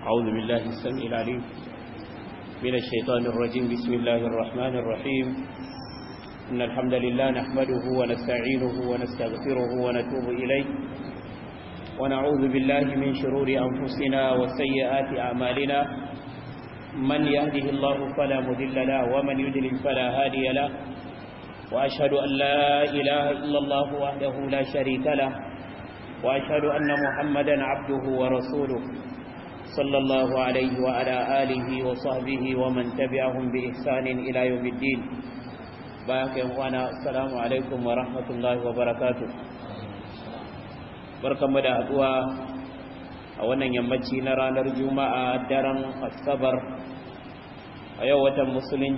أعوذ بالله السميع العليم من الشيطان الرجيم بسم الله الرحمن الرحيم إن الحمد لله نحمده ونستعينه ونستغفره ونتوب إليه ونعوذ بالله من شرور أنفسنا وسيئات أعمالنا من يهده الله فلا مذل له ومن يدلل فلا هادي له وأشهد أن لا إله إلا الله وحده لا شريك له وأشهد أن محمدا عبده ورسوله صلى الله عليه وعلى آله وصحبه ومن تبعهم بإحسان إلى يوم الدين باك وانا السلام عليكم ورحمة الله وبركاته بركم دا أدوى أولا يمتي نرى نرجو مع درم الصبر أيوة المسلمين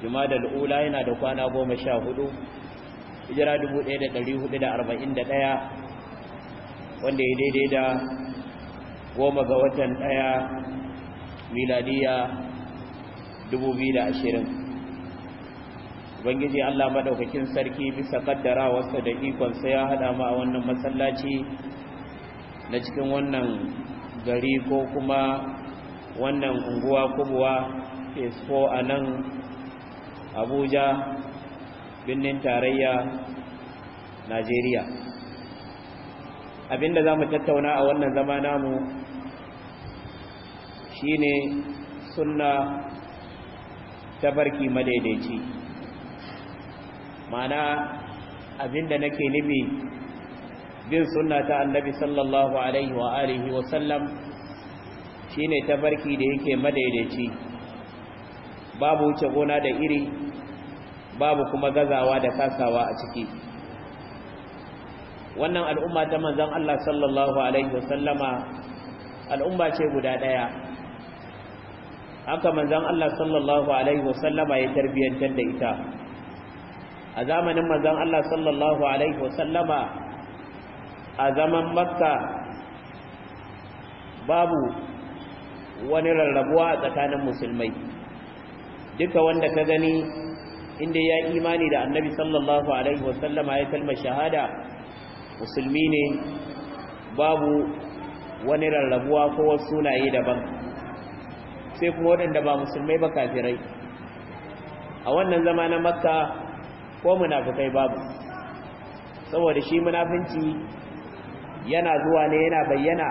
jumada al'ula yana da kwana goma sha hudu hijira 1441 wanda ya daidai da goma ga watan ɗaya miladiya 2020 ubangiji allah maɗaukakin sarki bisa kaddara wasu da ikonsa ya haɗa ma a wannan masallaci na cikin wannan gari ko kuma wannan unguwa kubuwa fesfo a nan abuja birnin tarayya najeriya abinda za mu tattauna a wannan zama namu Shi ne sunna tabarki madaidaici mana abinda nake nufi bin sunna ta annabi sallallahu alaihi wa alihi wasallam shi ne tabarki da yake madaidaici babu wuce gona da iri babu kuma gazawa da kasawa a ciki wannan al'umma ta manzan Allah sallallahu alaihi wasallama al'umma ce guda ɗaya. haka manzan Allah sallallahu alaihi wasallama ya tarbiyyantar da ita a zamanin manzan Allah sallallahu alaihi wasallama a zaman makka babu wani rarrabuwa a tsakanin musulmai duka wanda ka gani inda ya imani da annabi sallallahu alaihi wasallama ya kalmar shahada musulmi ne babu wani rarrabuwa ko wasu sunaye daban sai kuma waɗanda ba musulmai ba kafirai a wannan zama na makka ko munafukai babu saboda shi munafinci yana zuwa ne yana bayyana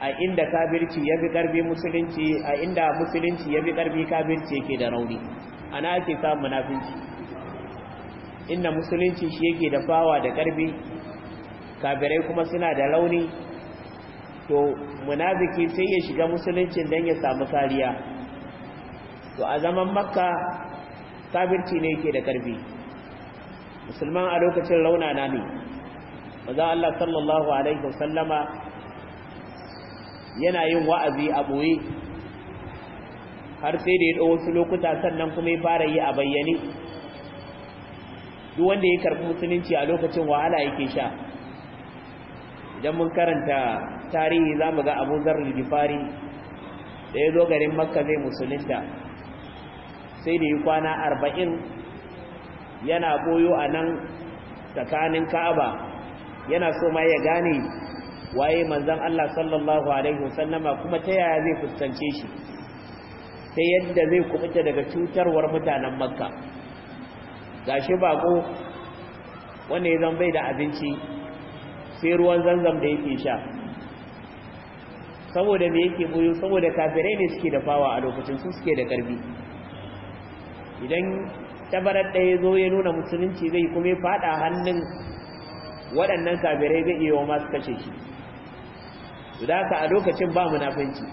a inda kafirci ya fi ƙarfi musulunci a inda musulunci ya fi ƙarfi kafirci yake da rauni ana ake samun munafinci inda musulunci shi yake da fawa da ƙarfi kafirai kuma suna da rauni to munafiki sai ya shiga musuluncin dan ya samu kariya to a zaman makka kafirci ne yake da karfi musulman a lokacin na ne maza Allah sallallahu alaihi wasallama yana yin wa'azi a boye har sai da ya ɗau wasu lokuta sannan kuma ya fara yi a bayyane duk wanda ya karɓi musulunci a lokacin wahala yake sha idan mun karanta tarihi za mu ga abu zarar gifari da ya zo garin makka zai musulunta sai da yi kwana arba'in yana boyo a nan tsakanin ka'aba yana so ma ya gane waye manzan Allah sallallahu Alaihi wasallama kuma ta yaya zai fuskance shi ta yadda zai kubuta daga cutarwar mutanen makka ga shi bako wanda ya zan bai da abinci sai ruwan zanzam da yake sha saboda me yake boyo saboda kafirai ne suke da fawa a lokacin su suke da karbi idan tabarar da ya zo ya nuna musulunci zai kuma ya fada hannun waɗannan kafirai zai iya wa masu kashe shi su daka a lokacin ba munafanci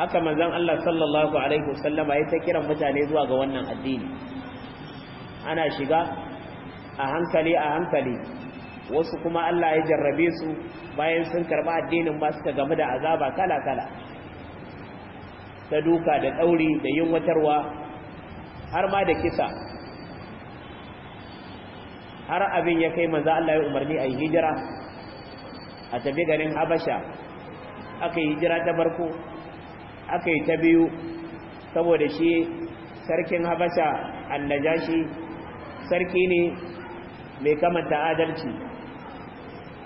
haka manzon Allah sallallahu alaihi wasallama ya ta kiran mutane zuwa ga wannan addini ana shiga a hankali a hankali wasu kuma Allah ya jarrabe su bayan sun karba addinin ba suka game da azaba kala-kala ta duka da ɗauri da yin watarwa. har ma da kisa har abin ya kai manzo Allah ya umarni a yi hijira a tafi garin Habasha aka yi hijira ta barko aka yi ta biyu saboda shi sarkin Habasha annajashi sarki ne mai kamanta adalci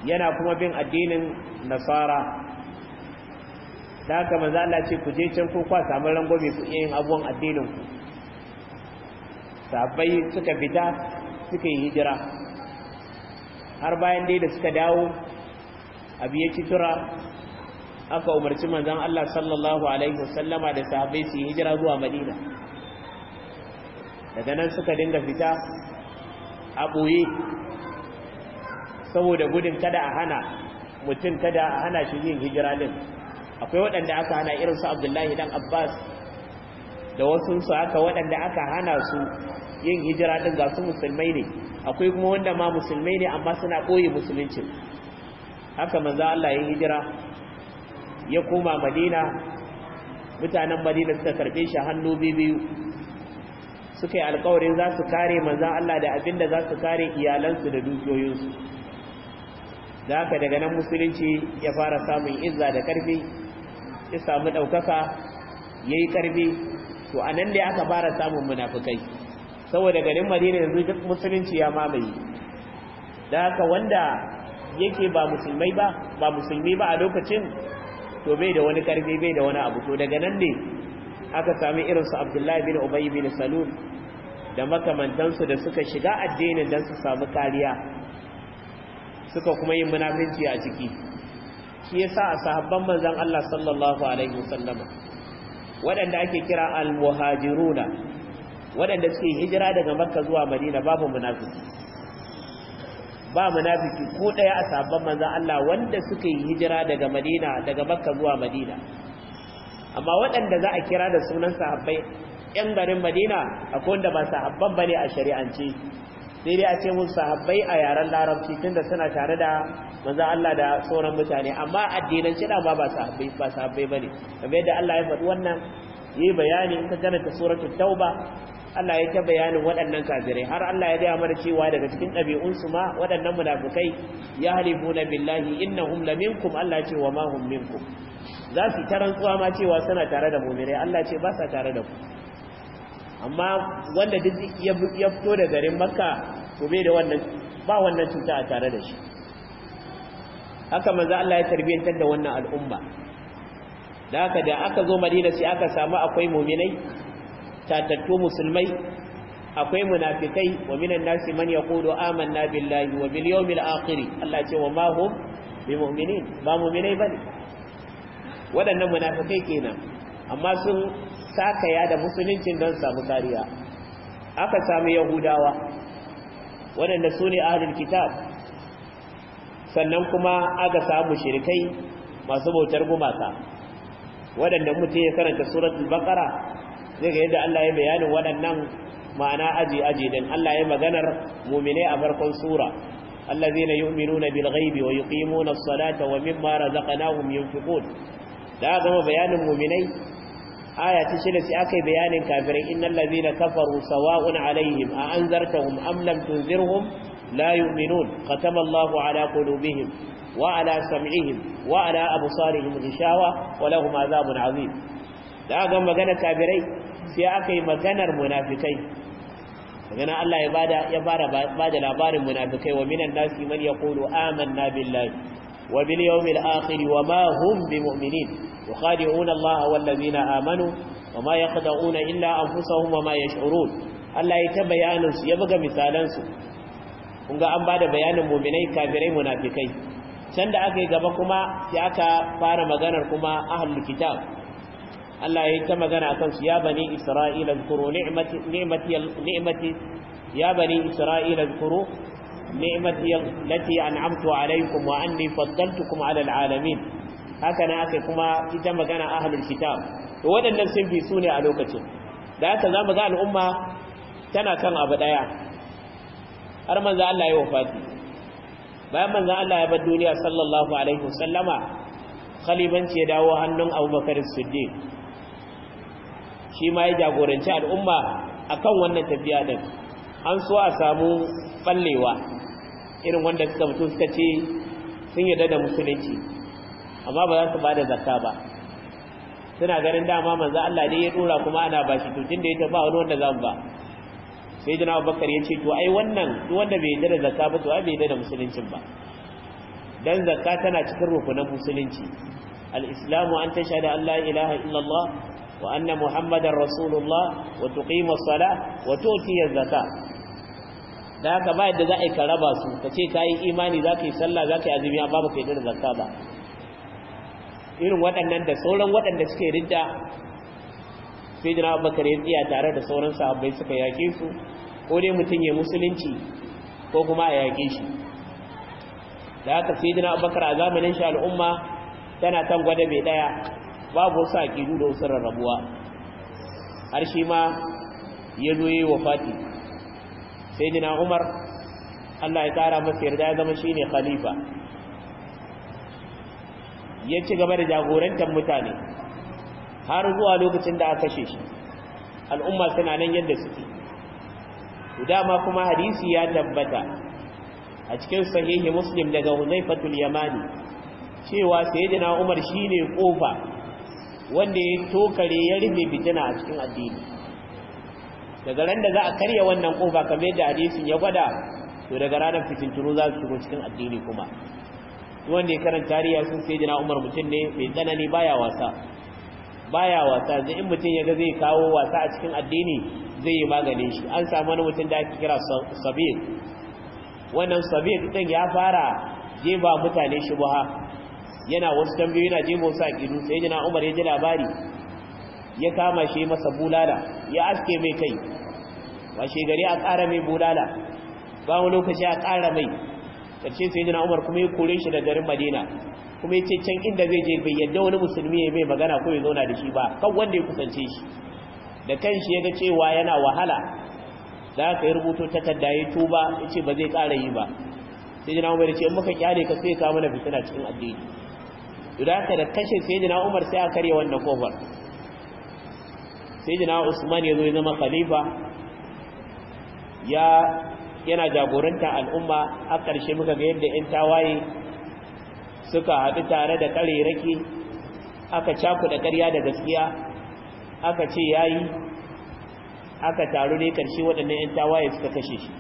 yana kuma bin addinin nasara da haka Allah ce ku je can ko kwa samu ku yin abuwan addinin ku sabai suka fita suka yi hijira har bayan dai da suka dawo abu ya tura aka umarci manzan Allah sallallahu alaihi wasallama da sabai su yi hijira zuwa Madina daga nan suka dinga fita a ɓoye saboda gudun kada a hana mutum kada a hana shi yin hijira din akwai waɗanda aka hana irin su abdullahi dan abbas da wasu su aka waɗanda aka hana su yin hijira din ga su musulmai ne akwai kuma wanda ma musulmai ne amma suna ɓoye musulunci haka manza Allah ya hijira ya koma Madina mutanen Madina suka karɓe shi hannu biyu suka yi alkawarin za su kare manza Allah da abinda za su kare iyalansu da dukiyoyinsu da ka daga nan musulunci ya fara samun izza da karfi ya samu ɗaukaka ya yi karfi to a nan da aka fara samun munafukai saboda garin madina yanzu duk musulunci ya mamaye da aka wanda yake ba musulmai ba ba musulmi ba a lokacin to bai da wani karfi bai da wani abu to daga nan ne aka sami irin su abdullahi bin ubayy bin salul da makamantansu da suka shiga addinin don su samu kariya suka kuma yin munafinci a ciki shi yasa a sahabban manzon Allah sallallahu alaihi wasallam waɗanda ake kira al-muhajiruna waɗanda suke hijira daga Makka zuwa Madina babu munafiki ba munafiki ko ɗaya a sahabban manzon Allah wanda suke hijira daga Madina daga Makka zuwa Madina amma waɗanda za a kira da sunan sahabbai 'yan garin Madina akwai wanda ba sahabban bane a shari'ance sai dai a ce musu sahabbai a yaren larabci tunda suna tare da manzon Allah da sauran mutane amma addinan shi ba ba sahabbai ba sahabbai bane kamar yadda Allah ya faɗi wannan yayi bayani in ka karanta suratul tauba Allah ya ta bayanin waɗannan kafirai har Allah ya gaya mana cewa daga cikin ɗabi'unsu ma waɗannan munafukai ya halifuna billahi innahum laminkum Allah ce wa ma hum minkum za su ta rantsuwa ma cewa suna tare da mu'minai Allah ce ba sa tare da ku amma wanda duk ya fito da garin makka to bai da wannan ba wannan cuta a tare da shi haka manzo Allah ya tarbiyantar da wannan al'umma da haka da aka zo Madina sai aka samu akwai mu'minai tatattu musulmai akwai munafikai wa minan nasi man yaqulu amanna billahi wa bil yawmil akhir Allah ya ce wa ma hum mu'minin ba mu'minai bane waɗannan munafikai kenan amma sun sakaya da musuluncin don samu kariya aka samu yahudawa waɗanda su ne ahlul kitab sannan kuma aka samu shirikai masu bautar gumaka waɗanda mutum ya karanta suratul baqara zai ga yadda Allah ya bayanin waɗannan ma'ana aji aji dan Allah ya maganar mu'mine a farkon sura allazina yu'minuna bil ghaibi wa yuqimuna as-salata wa mimma razaqnahum yunfiqun da gama bayanin mu'minai aya ta shida sai aka yi bayanin kafirai innal ladhina kafaru sawa'un alaihim a anzartahum am lam tunzirhum la yu'minun khatama Allahu ala qulubihim wa ala sam'ihim wa ala absarihim ghishawa wa lahum adhabun azim da ga magana kafirai sai aka yi maganar munafikai magana Allah ya bada ya fara bada labarin munafikai wa minan nasi man yaqulu amanna billahi wa bil yawmil akhir wa ma hum bimu'minin yukhadi'una Allah wal ladina amanu wama yaqda'una illa anfusahum wama yash'urun Allah ya ta bayanin su ya buga misalan su kun ga an bada bayanin mu'minai kafirai munafikai can da aka yi gaba kuma sai aka fara maganar kuma ahlul kitab Allah ya ta magana akan su ya bani isra'ila zkuru ni'mati ni'mati ni'mati ya bani isra'ila zkuru ni'mati allati an'amtu alaykum wa anni faddaltukum 'ala al'alamin haka na aka kuma ita magana ahlul kitab to waɗannan sun bi su ne a lokacin da haka za ga al'umma tana kan abu ɗaya har manzo Allah ya wafati bayan manzo Allah ya bar duniya sallallahu alaihi wasallama khalibanci ya dawo hannun Bakar Siddiq shi ma ya jagoranci al'umma akan wannan tafiya din an so a samu ballewa irin wanda suka mutu suka ce sun yarda da musulunci amma ba za su ba da zakka ba suna ganin dama manzo Allah ne ya dora kuma ana bashi to da ya ba wani wanda zan ba sai jina Abubakar ya ce to ai wannan duk bai yarda da zakka ba to bai yarda da ba dan zakka tana cikin rukunin musulunci al-islamu an tashhadu an la ilaha illallah wa anna muhammadar rasulullah wa tuqima as-salah wa tu'ti az da haka ba yadda za a yi ka raba su ka ce ka yi imani za ka yi sallah za ka yi azumi amma ba ka yi da zakka ba irin waɗannan da sauran waɗanda suke ridda sai jina abubakar ya tsaya tare da sauran sahabbai suka yaƙe su ko dai mutum ya musulunci ko kuma a yaƙe shi da haka sai jina abubakar a zamanin shi al'umma tana kan gwada mai ɗaya babu wasu aƙidu da wasu rarrabuwa har shi ma ya zo yi wa fati sai jina umar allah ya tsara masa yarda ya zama shi ne khalifa ya ci gaba da jagorantar mutane har zuwa lokacin da aka kashe shi al'umma suna nan yadda suke dama kuma hadisi ya tabbata a cikin sahihi muslim daga huzaifatul yamani cewa sayyidina umar shine kofa wanda ya tokare ya rufe fitina a cikin addini daga ran da za a karya wannan kofa kamar yadda hadisin ya gwada to daga ranar fitinturu za su shigo cikin addini kuma wanda ya karanta tarihi sun sai jina umar mutum ne mai tsanani baya wasa baya wasa da in mutum ya ga zai kawo wasa a cikin addini zai yi maganin shi an samu wani mutum da ake kira sabir wannan sabir ɗin ya fara jeba mutane shi buha yana wasu tambayoyi na jebo sa kidu sai jina umar ya ji labari ya kama shi masa bulala ya aske mai kai washe gari a ƙara mai bulala ba wani lokaci a ƙara mai karshe sai jina umar kuma ya kore shi da garin madina kuma ya ce can inda zai je bai yadda wani musulmi ya mai magana ko ya zauna da shi ba kan wanda ya kusance shi da kan shi ya ga cewa yana wahala za ka yi rubuto takarda ya tuba ya ce ba zai ƙara yi ba sai jina umar ya ce muka kyale ka sai ka mana fitina cikin addini idan ka da kashe sai jina umar sai a karya wannan kofar sai jina usman ya zo ya zama khalifa ya yana jagoranta al'umma a ƙarshe muka ga yadda 'yan tawaye suka haɗu tare da ƙarerake aka da ƙarya da gaskiya aka ce ya yi aka taru ne ƙarshe waɗannan 'yan tawaye suka kashe shi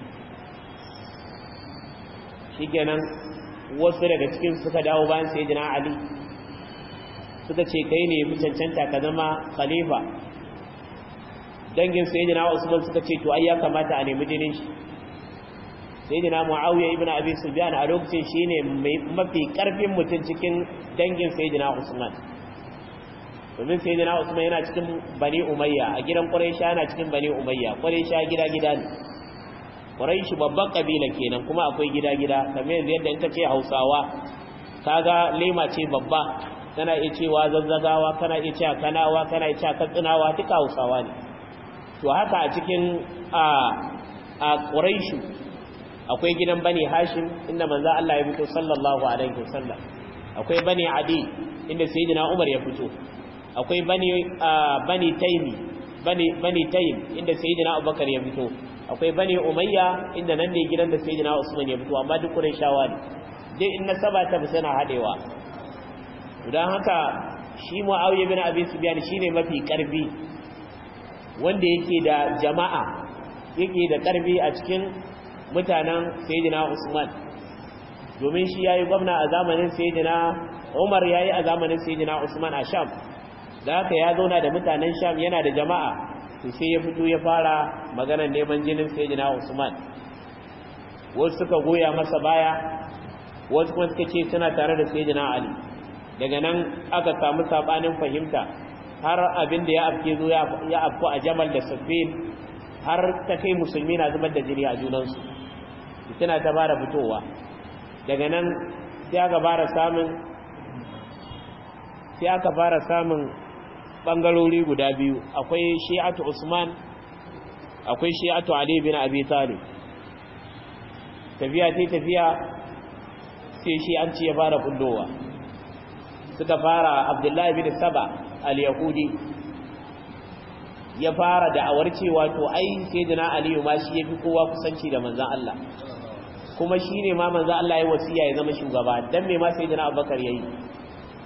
shi kenan wasu daga cikin suka dawo bayan sai jina ali suka ce kai ne fi cancanta ka zama khalifa dangin sai jina usman suka ce to ai ya kamata a nemi jinin shi sayyidina muawiya ibn abi sufyan a lokacin shine mafi karfin mutum cikin dangin dina usman domin dina usman yana cikin bani umayya a gidan quraisha yana cikin bani umayya quraisha gida gida ne quraishi babban kabila kenan kuma akwai gida gida kamar yanzu yadda in ka ce hausawa kaga lema ce babba kana iya cewa zazzagawa kana iya cewa kanawa kana iya cewa katsinawa duka hausawa ne to haka a cikin a a akwai gidan bani hashim inda manzo Allah ya fito sallallahu alaihi wasallam akwai bani adi inda sayyidina umar ya fito akwai bani bani taymi bani bani taym inda sayyidina abubakar ya fito akwai bani umayya inda nan ne gidan da sayyidina usman ya fito amma duk qurayshawa ne dai in nasaba ta bi sana hadewa dan haka shi muawiya bin abi sufyan shine mafi karbi wanda yake da jama'a yake da karbi a cikin mutanen sayyidina usman domin shi yayi gwamna a zamanin sayyidina umar yayi a zamanin sayyidina usman a sham da haka ya zauna da mutanen sham yana da jama'a to sai ya fito ya fara maganar neman jinin sayyidina usman wasu suka goya masa baya wasu kuma suka ce suna tare da sayyidina ali daga nan aka samu sabanin fahimta har abin da ya afke zo ya afku a jamal da Safin har ta kai musulmi na zubar da jini a junansu suna ta bara fitowa daga nan sai aka fara samun sai aka fara samun bangarori guda biyu akwai shi'atu usman akwai shi'atu ali bin abi talib tafiya sai tafiya sai shi an ci ya fara kullowa suka fara abdullahi bin saba al-yahudi ya fara da awarcewa, to ai sayyidina aliyu ma shi yafi kowa kusanci da manzon Allah kuma shi ne ma manzo Allah ya wasiya ya zama shugaba dan me ma sayyidina Abubakar yayi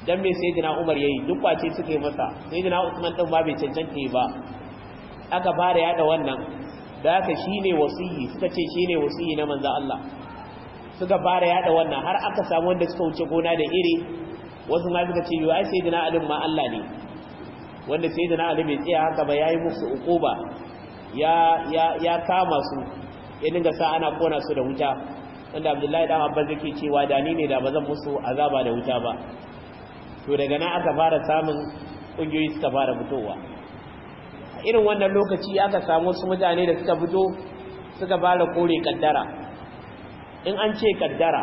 dan me sayyidina Umar yayi duk kwace suke masa sayyidina Usman din ba bai cancanta ba aka fara yada wannan da shi ne wasiyi suka ce shi ne wasiyi na manzo Allah suka fara yada wannan har aka samu wanda suka wuce gona da iri wasu ma suka ce yi ai sayyidina Ali ma Allah ne wanda sayyidina Ali bai tsaya haka ba yayi musu ukuba ya ya ya kama su ya dinga sa ana kona su da wuta wanda abdullahi dan abbas yake cewa da ni ne da ba zan musu azaba da wuta ba to daga nan aka fara samun kungiyoyi suka fara fitowa a irin wannan lokaci aka samu su mutane da suka fito suka fara kore kaddara in an ce kaddara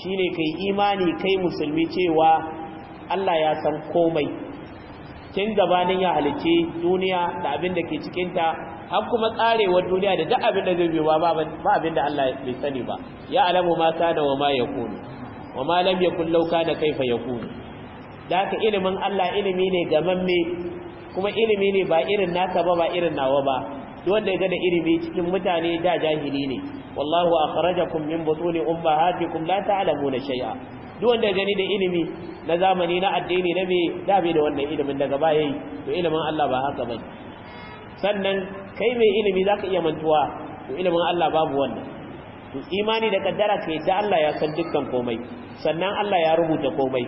shine kai imani kai musulmi cewa Allah ya san komai tun gabanin ya halice duniya da abin da ke cikinta har kuma tsarewar duniya da duk abin da zai biyo ba ba abin da Allah bai sani ba ya alamu ma kana wa ma yakunu wa ma lam yakun law kana kaifa yakunu da ka ilimin Allah ilimi ne gamamme kuma ilimi ne ba irin naka ba ba irin nawa ba wanda ya ga da ilimi cikin mutane da jahili ne wallahu akhrajakum min butuni ummahatikum la ta'lamuna shay'a duk wanda ya gani da ilimi na zamani na addini na me da bai da wannan ilimin daga baya to ilimin Allah ba haka bane sannan kai mai ilimi za ka iya mantuwa to ilimin Allah babu wannan to imani da kaddara kai da Allah ya san dukkan komai sannan Allah ya rubuta komai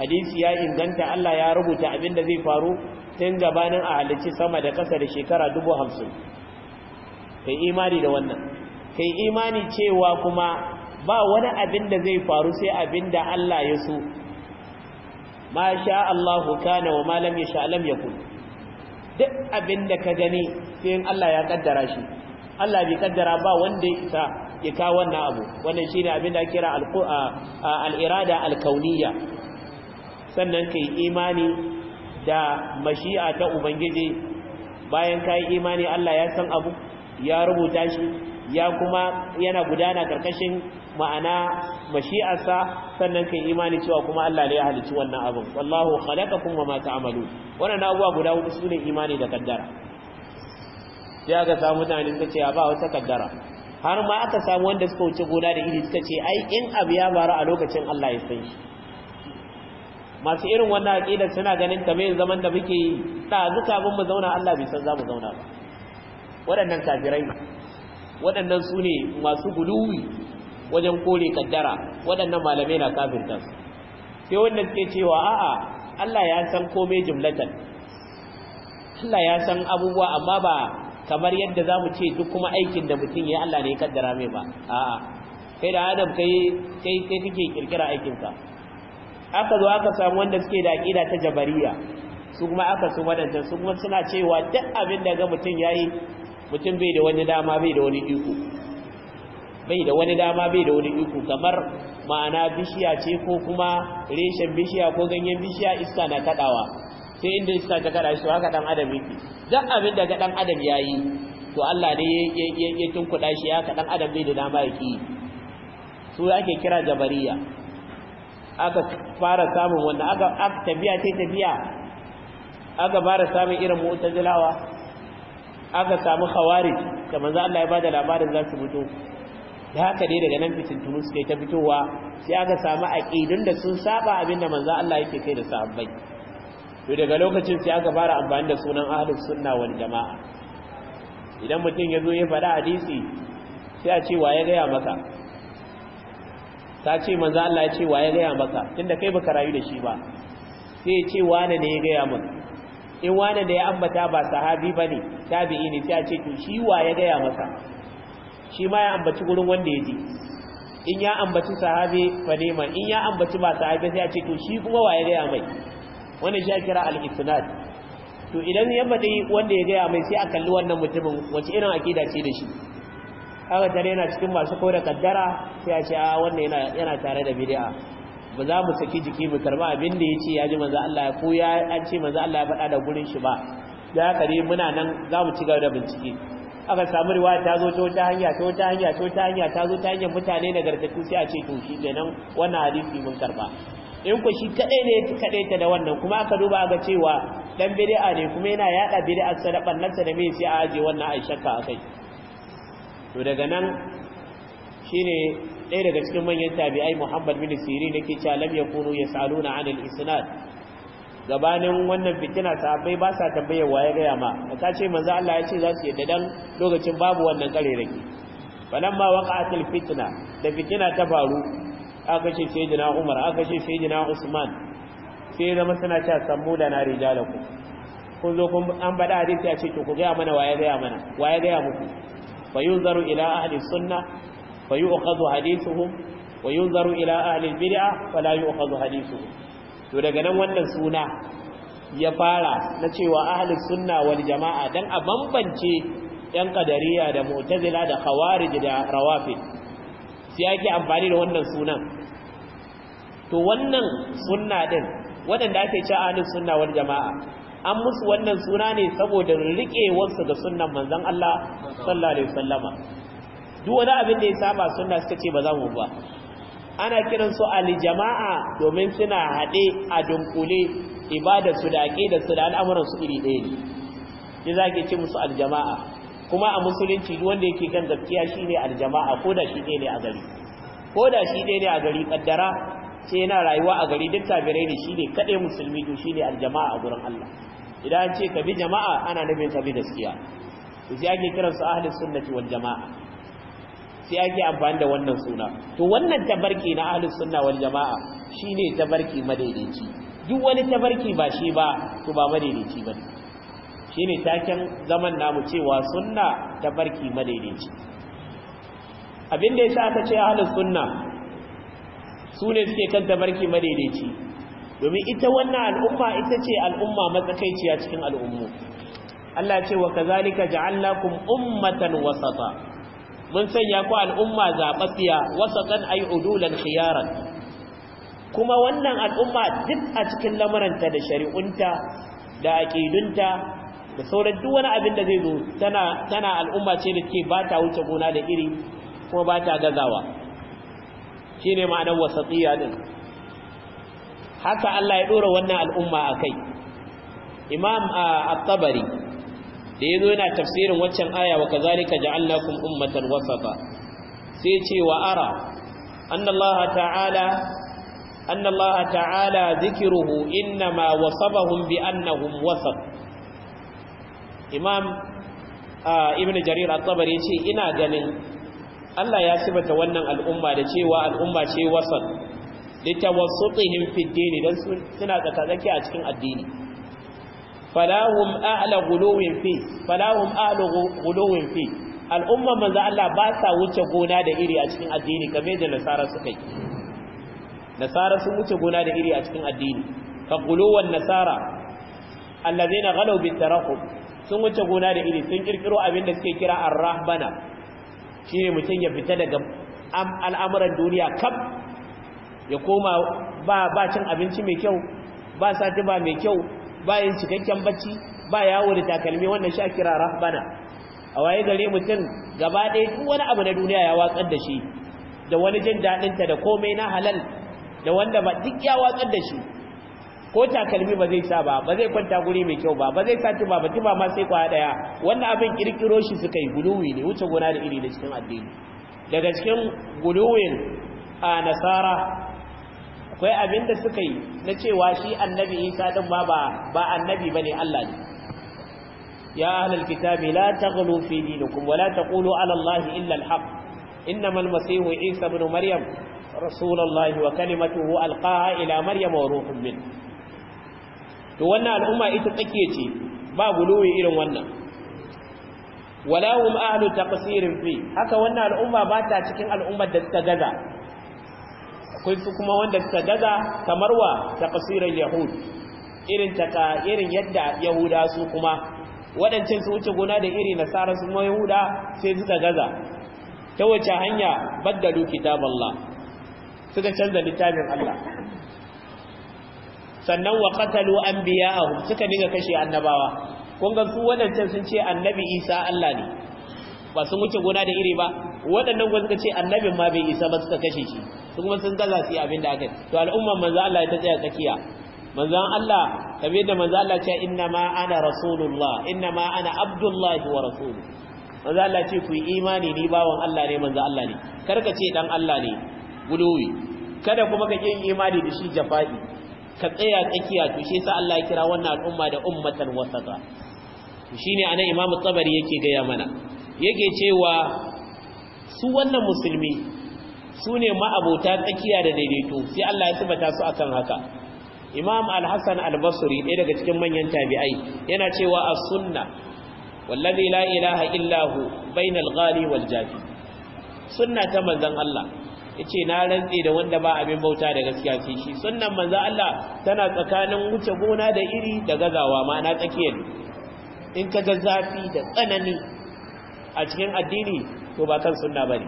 hadisi ya inganta Allah ya rubuta abin da zai faru tun gabanin a halicci sama da ƙasa da shekara dubu hamsin kai imani da wannan kai imani cewa kuma ba wani abin da zai faru sai abin da Allah ya so ma sha Allahu kana wa ma lam yasha ya yakun duk abin da ka gani sai in Allah ya kaddara shi Allah bai kaddara ba wanda ya isa ya kawo wannan abu wannan shine abin da kira al-irada al-kauniyya sannan kai imani da mashi'a ta ubangiji bayan kai imani Allah ya san abu ya rubuta shi ya kuma yana gudana karkashin ma'ana mashi'arsa sannan kai imani cewa kuma Allah ne ya halicci wannan abin wallahu khalaqakum wama ta'malu wannan abuwa guda hudu sune imani da kaddara sai aka samu mutane suka ce ba wata kaddara har ma aka samu wanda suka wuce gona da iri suka ce ai in abu ya faru a lokacin Allah ya san shi masu irin wannan aqida suna ganin ta mai zaman da muke yi zuka mun mu zauna Allah bai san za mu zauna ba waɗannan kafirai waɗannan su ne masu guluwi wajen kore kaddara waɗannan malamai na kafirta su sai wanda suke cewa a'a Allah ya san komai jumlatan Allah ya san abubuwa amma ba kamar yadda za mu ce duk kuma aikin da mutum ya Allah ne kaddara mai ba a'a kai da adam kai kai kai kake kirkira aikin aka zo aka samu wanda suke da aqida ta jabariya su kuma aka su wadancan su kuma suna cewa duk abin da ga mutum yayi mutum bai da wani dama bai da wani iko bai da wani dama bai da wani iko kamar ma'ana bishiya ce ko kuma reshen bishiya ko ganyen bishiya iska na kadawa sai inda iska ta kada shi haka dan adam yake duk abin da ga dan adam yayi to Allah ne ya ya tunkuda shi haka dan adam bai da dama yake su ake kira jabariya aka fara samun wannan, aka tafiya ta tafiya aka fara samun irin mu'tazilawa aka samu khawarij kamar za Allah ya bada labarin za su fito da haka dai daga nan fitintunu suke ta fitowa sai aka samu aqidun da sun saba abinda manzo Allah yake kai da sahabbai to daga lokacin sai aka fara amfani da sunan ahlus sunna wal jamaa idan mutum ya zo ya fada hadisi sai a ce wa ya gaya maka ta ce manzo Allah ya ce wa ya gaya maka tunda kai baka rayu da shi ba sai ya ce wane ne ya gaya maka in wane da ya ambata ba sahabi bane tabi'i ne sai a ce to shi wa ya gaya maka shi ma ya ambaci gurin wanda ya ji, in ya ambaci sahabe fa nema in ya ambaci ba sahabe sai a ce to shi kuma waye gaya mai wannan shi kira al-isnad to idan ya bade wanda ya gaya mai sai a kalli wannan mutumin wace irin akida ce da shi haka tare yana cikin masu kore kaddara sai a ce a wannan yana yana tare da bid'a ba za mu saki jiki mu karba abin da yace ya ji manzo Allah ya ko ya an ce manzo Allah ya faɗa da gurin shi ba da haka dai muna nan za mu ci gaba da bincike aka samu riwaya ta zo ta wata hanya ta wata hanya ta wata hanya ta zo ta hanyar mutane nagartattu sai a ce to shi kenan wannan hadisi mun karba in ku shi kadai ne kadai ta da wannan kuma aka duba ga cewa dan bid'a ne kuma yana yada bid'a sadaban nan da me sai a aje wannan ai shakka a kai. to daga nan shine ɗaya daga cikin manyan tabi'ai Muhammad bin Sirin yake cewa lam yakunu yasaluna 'anil isnad gabanin wannan fitina sahabbai ba sa tambayar waye gaya ma da ka ce manzo Allah ya ce za su yadda dan lokacin babu wannan kare karerake falamma waqa'atil fitna da fitina ta faru aka ce sayyidina Umar aka ce sayyidina Usman sai zama suna cewa sammu da na rijalakum kun zo kun an faɗa hadisi a ce to ku gaya mana waye gaya mana waye gaya muku fa yunzaru ila ahli sunna fa yu'khadhu hadithuhum wa yunzaru ila ahli bid'ah fala yu'khadhu hadithuhum to daga nan wannan suna ya fara na cewa ahlus sunna wal jama'a dan a bambance yan kadariya da mu'tazila da khawarij da rawafid sai yake amfani da wannan sunan to wannan sunna din wadanda ake cewa ahlus sunna wal jama'a an musu wannan suna ne saboda wansu ga sunnan manzon Allah sallallahu alaihi wasallama duk wani abin da ya saba sunna suka ce ba za mu ba ana kiran kiransu aljama'a domin suna haɗe a dunkule ibadarsu da aƙidarsu da al'amuransu iri ɗaya ne za ke ce musu aljama'a kuma a musulunci wanda yake kan gaskiya shine aljama'a ko da shi ɗaya ne a gari ko da shi ɗaya ne a gari kaddara sai yana rayuwa a gari duk tabirai ne shine kaɗai musulmi to shine aljama'a a gurin Allah idan an ce ka bi jama'a ana nufin ka bi gaskiya to shi ake kiransu ahlus sunnati wal jama'a sai ake amfani da wannan suna to wannan tabarki na ahlus sunna wal jama'a shine tabarki madaidaici duk wani tabarki ba shi ba to ba madaidaici bane shine taken zaman namu cewa sunna tabarki madaidaici abin da yasa aka ce ahlus sunna sune suke kan tabarki madaidaici domin ita wannan al'umma ita ce al'umma matsakaiciya cikin al'ummu Allah ce wa kazalika ja'alnakum ummatan wasata mun sanya ku al'umma zaɓaɓɓiya wasaɗan ai udulan khiyaran kuma wannan al'umma duk a cikin lamuranta da shari'unta da aƙidunta da sauran duk wani abin da zai zo tana tana al'umma ce da ke ba ta wuce gona da iri kuma ba ta gazawa ne ma'anar wasatiyya din haka Allah ya ɗora wannan al'umma akai imam a ah, tabari da yazo yana tafsirin waccan aya wa kazalika ja'alnakum ummatan wasata sai ce wa ara Allah ta'ala anna Allah ta'ala dhikruhu inma wasabahum bi annahum wasat imam ibn jarir at-tabari yace ina ganin Allah ya sibata wannan al'umma da cewa al'umma ce wasat litawassutihim fi ad-din dan suna tsakatsaki a cikin addini falahum ahla guluwin fi falahum ahla guluwin fi al'umma manzo Allah ba sa wuce gona da iri a cikin addini kamar da nasara suka yi nasara sun wuce gona da iri a cikin addini ka guluwan nasara allazina ghalaw bi tarahum sun wuce gona da iri sun kirkiro abin da suke kira ar-rahbana shine mutun ya fita daga al'amuran duniya kab ya koma ba ba cin abinci mai kyau ba satiba mai kyau ba yin cikakken bacci ba yawo da takalmi wannan sha a kira rahbana a waye gare mutum gaba ɗaya duk wani abu na duniya ya watsar da shi da wani jin daɗinta da komai na halal da wanda ba duk ya watsar da shi ko takalmi ba zai sa ba ba zai kwanta guri mai kyau ba ba zai sa tuba ba tuba ma sai kwa ɗaya. wannan abin kirkiro shi suka yi guluwi ne wuce gona da iri da cikin addini daga cikin guluwin a nasara akwai abin da suka yi na cewa shi annabi isa ɗin ma ba ba annabi bane Allah ne ya ahlul kitabi la taghlu fi dinikum wa la taqulu ala allahi illa alhaq innama almasih isa ibn maryam rasulullah wa kalimatuhu alqaha ila maryam wa ruhun min to wannan al'umma ita take ce ba guluwi irin wannan wala hum ahlu taqsirin fi haka wannan al'umma ba ta cikin al'ummar da suka gaza akwai su kuma wanda suka gaza kamar wa taqsirul yahud irin taka irin yadda yahuda su kuma waɗancan su wuce gona da iri nasara su ma yahuda sai suka gaza ta wace hanya baddalu Allah suka canza littafin Allah sannan wa qatalu anbiya'ahum suka dinga kashe annabawa kun ga su waɗancan sun ce annabi Isa Allah ne ba sun wuce gona da iri ba waɗannan kuma suka ce annabin ma bai isa ba suka kashe shi su kuma sun gaza su yi abin da aka to al'umman manzo Allah ya tsaya tsakiya Manzan Allah kamar da manzo Allah ce inna ma ana rasulullah inna ma ana abdullah wa rasuluhu manzo Allah ce ku yi imani ni bawon Allah ne manzo Allah ne kar ka ce dan Allah ne guduwi kada kuma ka kin imani da shi jafa'i ka tsaya tsakiya to shi yasa Allah ya kira wannan al'umma da ummatan wasata shine anan imamu tabari yake gaya mana yake cewa su wannan musulmi su ne ma'abota tsakiya da daidaito sai Allah ya tabbata su akan haka imam al-hasan al-basri ɗaya daga cikin manyan tabi'ai yana cewa as-sunna wallazi la ilaha illa hu bainal ghali wal jafi sunna ta manzon Allah yace na rantsi da wanda ba abin bauta da gaskiya sai shi sunnan manzon Allah tana tsakanin wuce gona da iri da gazawa ma'ana tsakiyar in ka ga zafi da tsanani a cikin addini to ba kan sunna ba ne.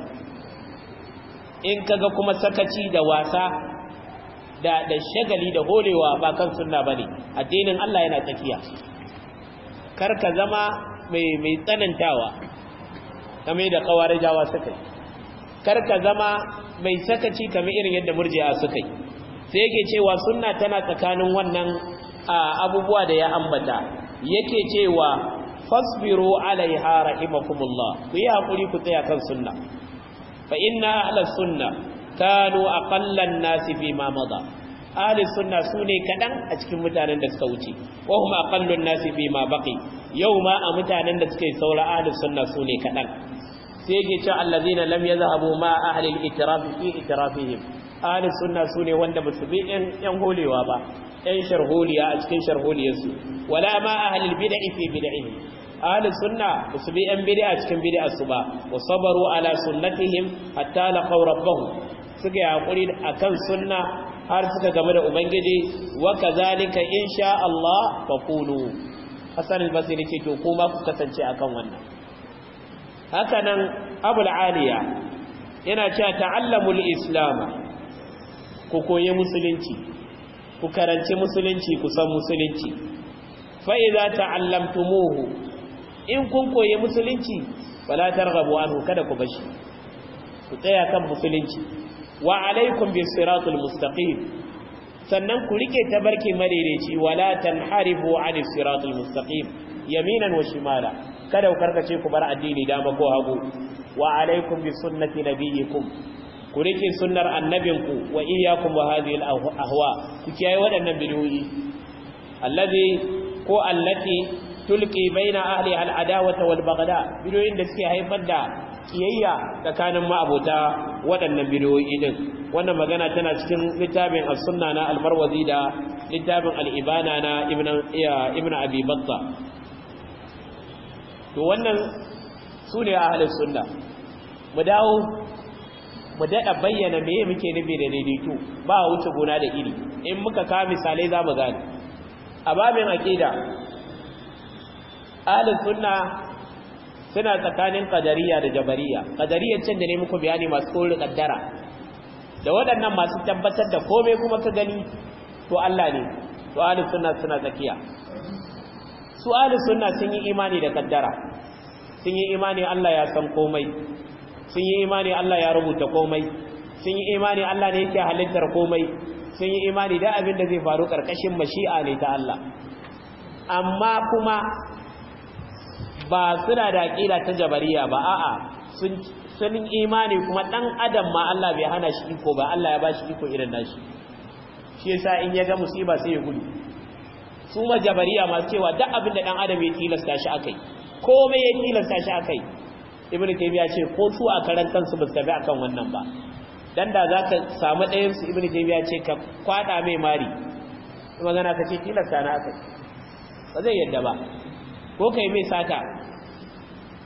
in kaga kuma sakaci da wasa da da shagali da holewa ba kan sunna ba ne, addinin Allah yana tafiya kar ka zama mai mai tsanantawa kamar da kawarijawa suka yi kar ka zama mai sakaci kamar irin yadda murji'a suka yi sai yake cewa sunna tana tsakanin wannan abubuwa da ya ambata yake cewa fasbiru alaiha rahimakumullah ku yi hakuri ku tsaya kan sunna fa inna ahla sunna kanu aqallan nasi bima mada ahli sunna sune kadan a cikin mutanen da suka wuce wa hum aqallun nasi bima baqi yau ma a mutanen da suka yi saura ahli sunna sune kadan sai yake cewa allazina lam yazhabu ma ahli al-itiraf fi itirafihim ahli sunna sune wanda ba su bi yan holewa ba yan sharholiya a cikin sharholiyarsu wala ma ahli al-bid'ah fi bid'ihim ahli sunna su bi yan bid'a cikin bid'a su ba wa sabaru ala sunnatihim hatta laqaw rabbahum suka yi hakuri akan sunna har suka game da ubangiji wa kazalika insha Allah faqulu Hassan al-Basri ce to kuma ku kasance akan wannan haka nan Abul Aliya yana cewa ta'allamul islam ku koyi musulunci ku karanci musulunci ku san musulunci fa'iza ta'allamtumuhu in kun koyi musulunci fala targhabu anhu kada ku bashi ku tsaya kan musulunci wa alaikum bis siratul mustaqim sannan ku rike tabarki madaidaici wala tanharifu anis siratul mustaqim yaminan wa shimala kada ku karkace ku bar addini dama ko hagu wa alaykum bi sunnati nabiyikum ku rike sunnar annabinku wa iyyakum wa hadhihi al ahwa ku kiyaye waɗannan bidiyoyi allazi ko allati Tulki baina ahli al-adawata wal baghda bidoyin da suke haifar da kiyayya tsakanin ma'abota waɗannan bidoyi din wannan magana tana cikin littafin as-sunna na al-marwazi da littafin al-ibana na Ibn ibnu abi batta to wannan sune ahli sunna mu dawo mu daɗa bayyana meye muke nufi da daidaito ba wuce gona da iri in muka kawo misalai za mu gani, a babin aƙida ahlus sunna suna tsakanin qadariya da jabariya qadariyar ce da ne muku bayani masu kore kaddara da waɗannan masu tabbatar da komai kuma ka gani to Allah ne to ahlus sunna suna tsakiya su ahlus sunna sun yi imani da kaddara sun yi imani Allah ya san komai sun yi imani Allah ya rubuta komai sun yi imani Allah ne yake halittar komai sun yi imani da abin da zai faru karkashin mashi'a ne ta Allah amma kuma ba suna da aƙila ta jabariya ba a'a sun sun imani kuma dan adam ma Allah bai hana shi iko ba Allah ya ba shi iko irin nashi shi yasa in ya ga musiba sai ya gudu su ma jabariya ma cewa duk abin da dan adam ya tilasta shi akai komai ya tilasta shi akai ibnu taymiya ce ko su a karan kansu ba su tafi akan wannan ba dan da zaka samu ɗayan su ibnu taymiya ce ka kwada mai mari magana ce tilasta na akai ba zai yadda ba ko kai mai sata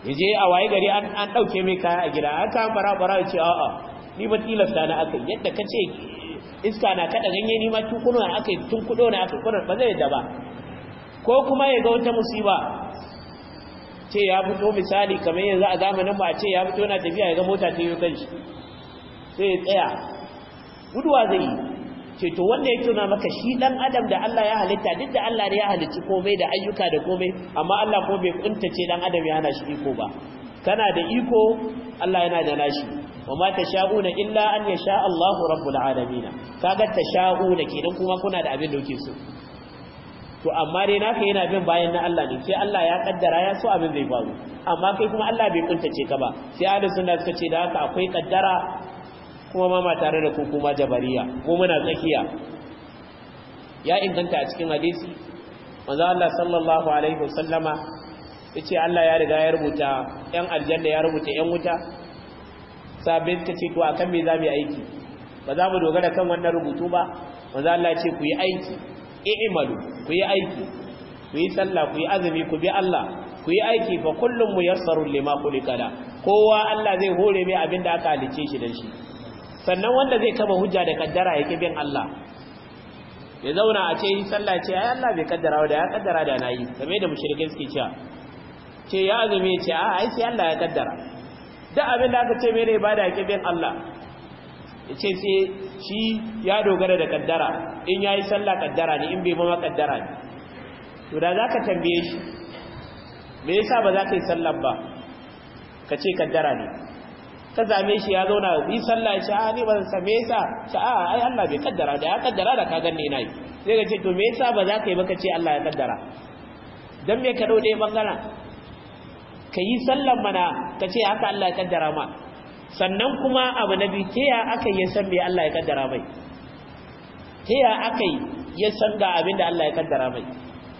yaje a waye gari an dauke mai kaya a gida aka fara fara ce a a ni ba tilasta na aka yadda kace iska na kada ganye ni ma tukuno na aka tun kudo na aka kudo ba zai yadda ba ko kuma ya ga wata musiba ce ya fito misali kamar yanzu a zamanin ba a ce ya fito na tafiya ya ga mota ta yi kanshi sai ya tsaya guduwa zai yi ce to wanda ya tuna maka shi dan adam da Allah ya halitta duk da Allah ne ya halicci komai da ayyuka da komai amma Allah ko bai ce dan adam ya hana shi iko ba kana da iko Allah yana da nashi ma tasha'una illa an yasha Allahu rabbul alamin kaga tasha'una kenan kuma kuna da abin da kuke so to amma dai naka yana bin bayan na Allah ne sai Allah ya kaddara ya so abin zai faru amma kai kuma Allah bai kunta ce ka ba sai ahlus sunna suka ce da haka akwai kaddara kuma ma tare da ku kuma jabariya ko muna tsakiya ya inganta a cikin hadisi manzo Allah sallallahu alaihi wasallama yace Allah ya riga ya rubuta yan aljanna ya rubuta yan wuta sabin ta ce to akan me zamu aiki ba za mu dogara kan wannan rubutu ba manzo Allah ya ce ku yi aiki i'malu ku yi aiki ku yi sallah ku yi azumi ku bi Allah ku yi aiki fa kullum muyassarun lima kulikala kowa Allah zai hore mai abin da aka halice shi da shi sannan wanda zai kama hujja da kaddara ya bin Allah ya zauna a ce yi sallah ce ayi Allah bai kaddara da ya kaddara da na yi game da mushrikin suke cewa ce ya azumi ce a ai sai Allah ya kaddara Da abin da aka ce mai ne bada ƙi bin Allah ya ce sai shi ya dogara da kaddara in ya yi sallah kaddara ne in bai ma kaddara ne to da ka tambaye shi me yasa ba za ka yi sallah ba ka ce kaddara ne ta zame shi ya zauna yi sallah shi a ni zan same sa shi a ai Allah bai kaddara da ya kaddara da ka ganni na yi sai ka ce to me yasa ba za ka yi ba ka ce Allah ya kaddara dan me ka dau ɗaya ka yi sallan mana ka ce haka Allah ya kaddara ma sannan kuma abu na biyu ya aka yi san me Allah ya kaddara mai ya aka yi ya san ga abin da Allah ya kaddara mai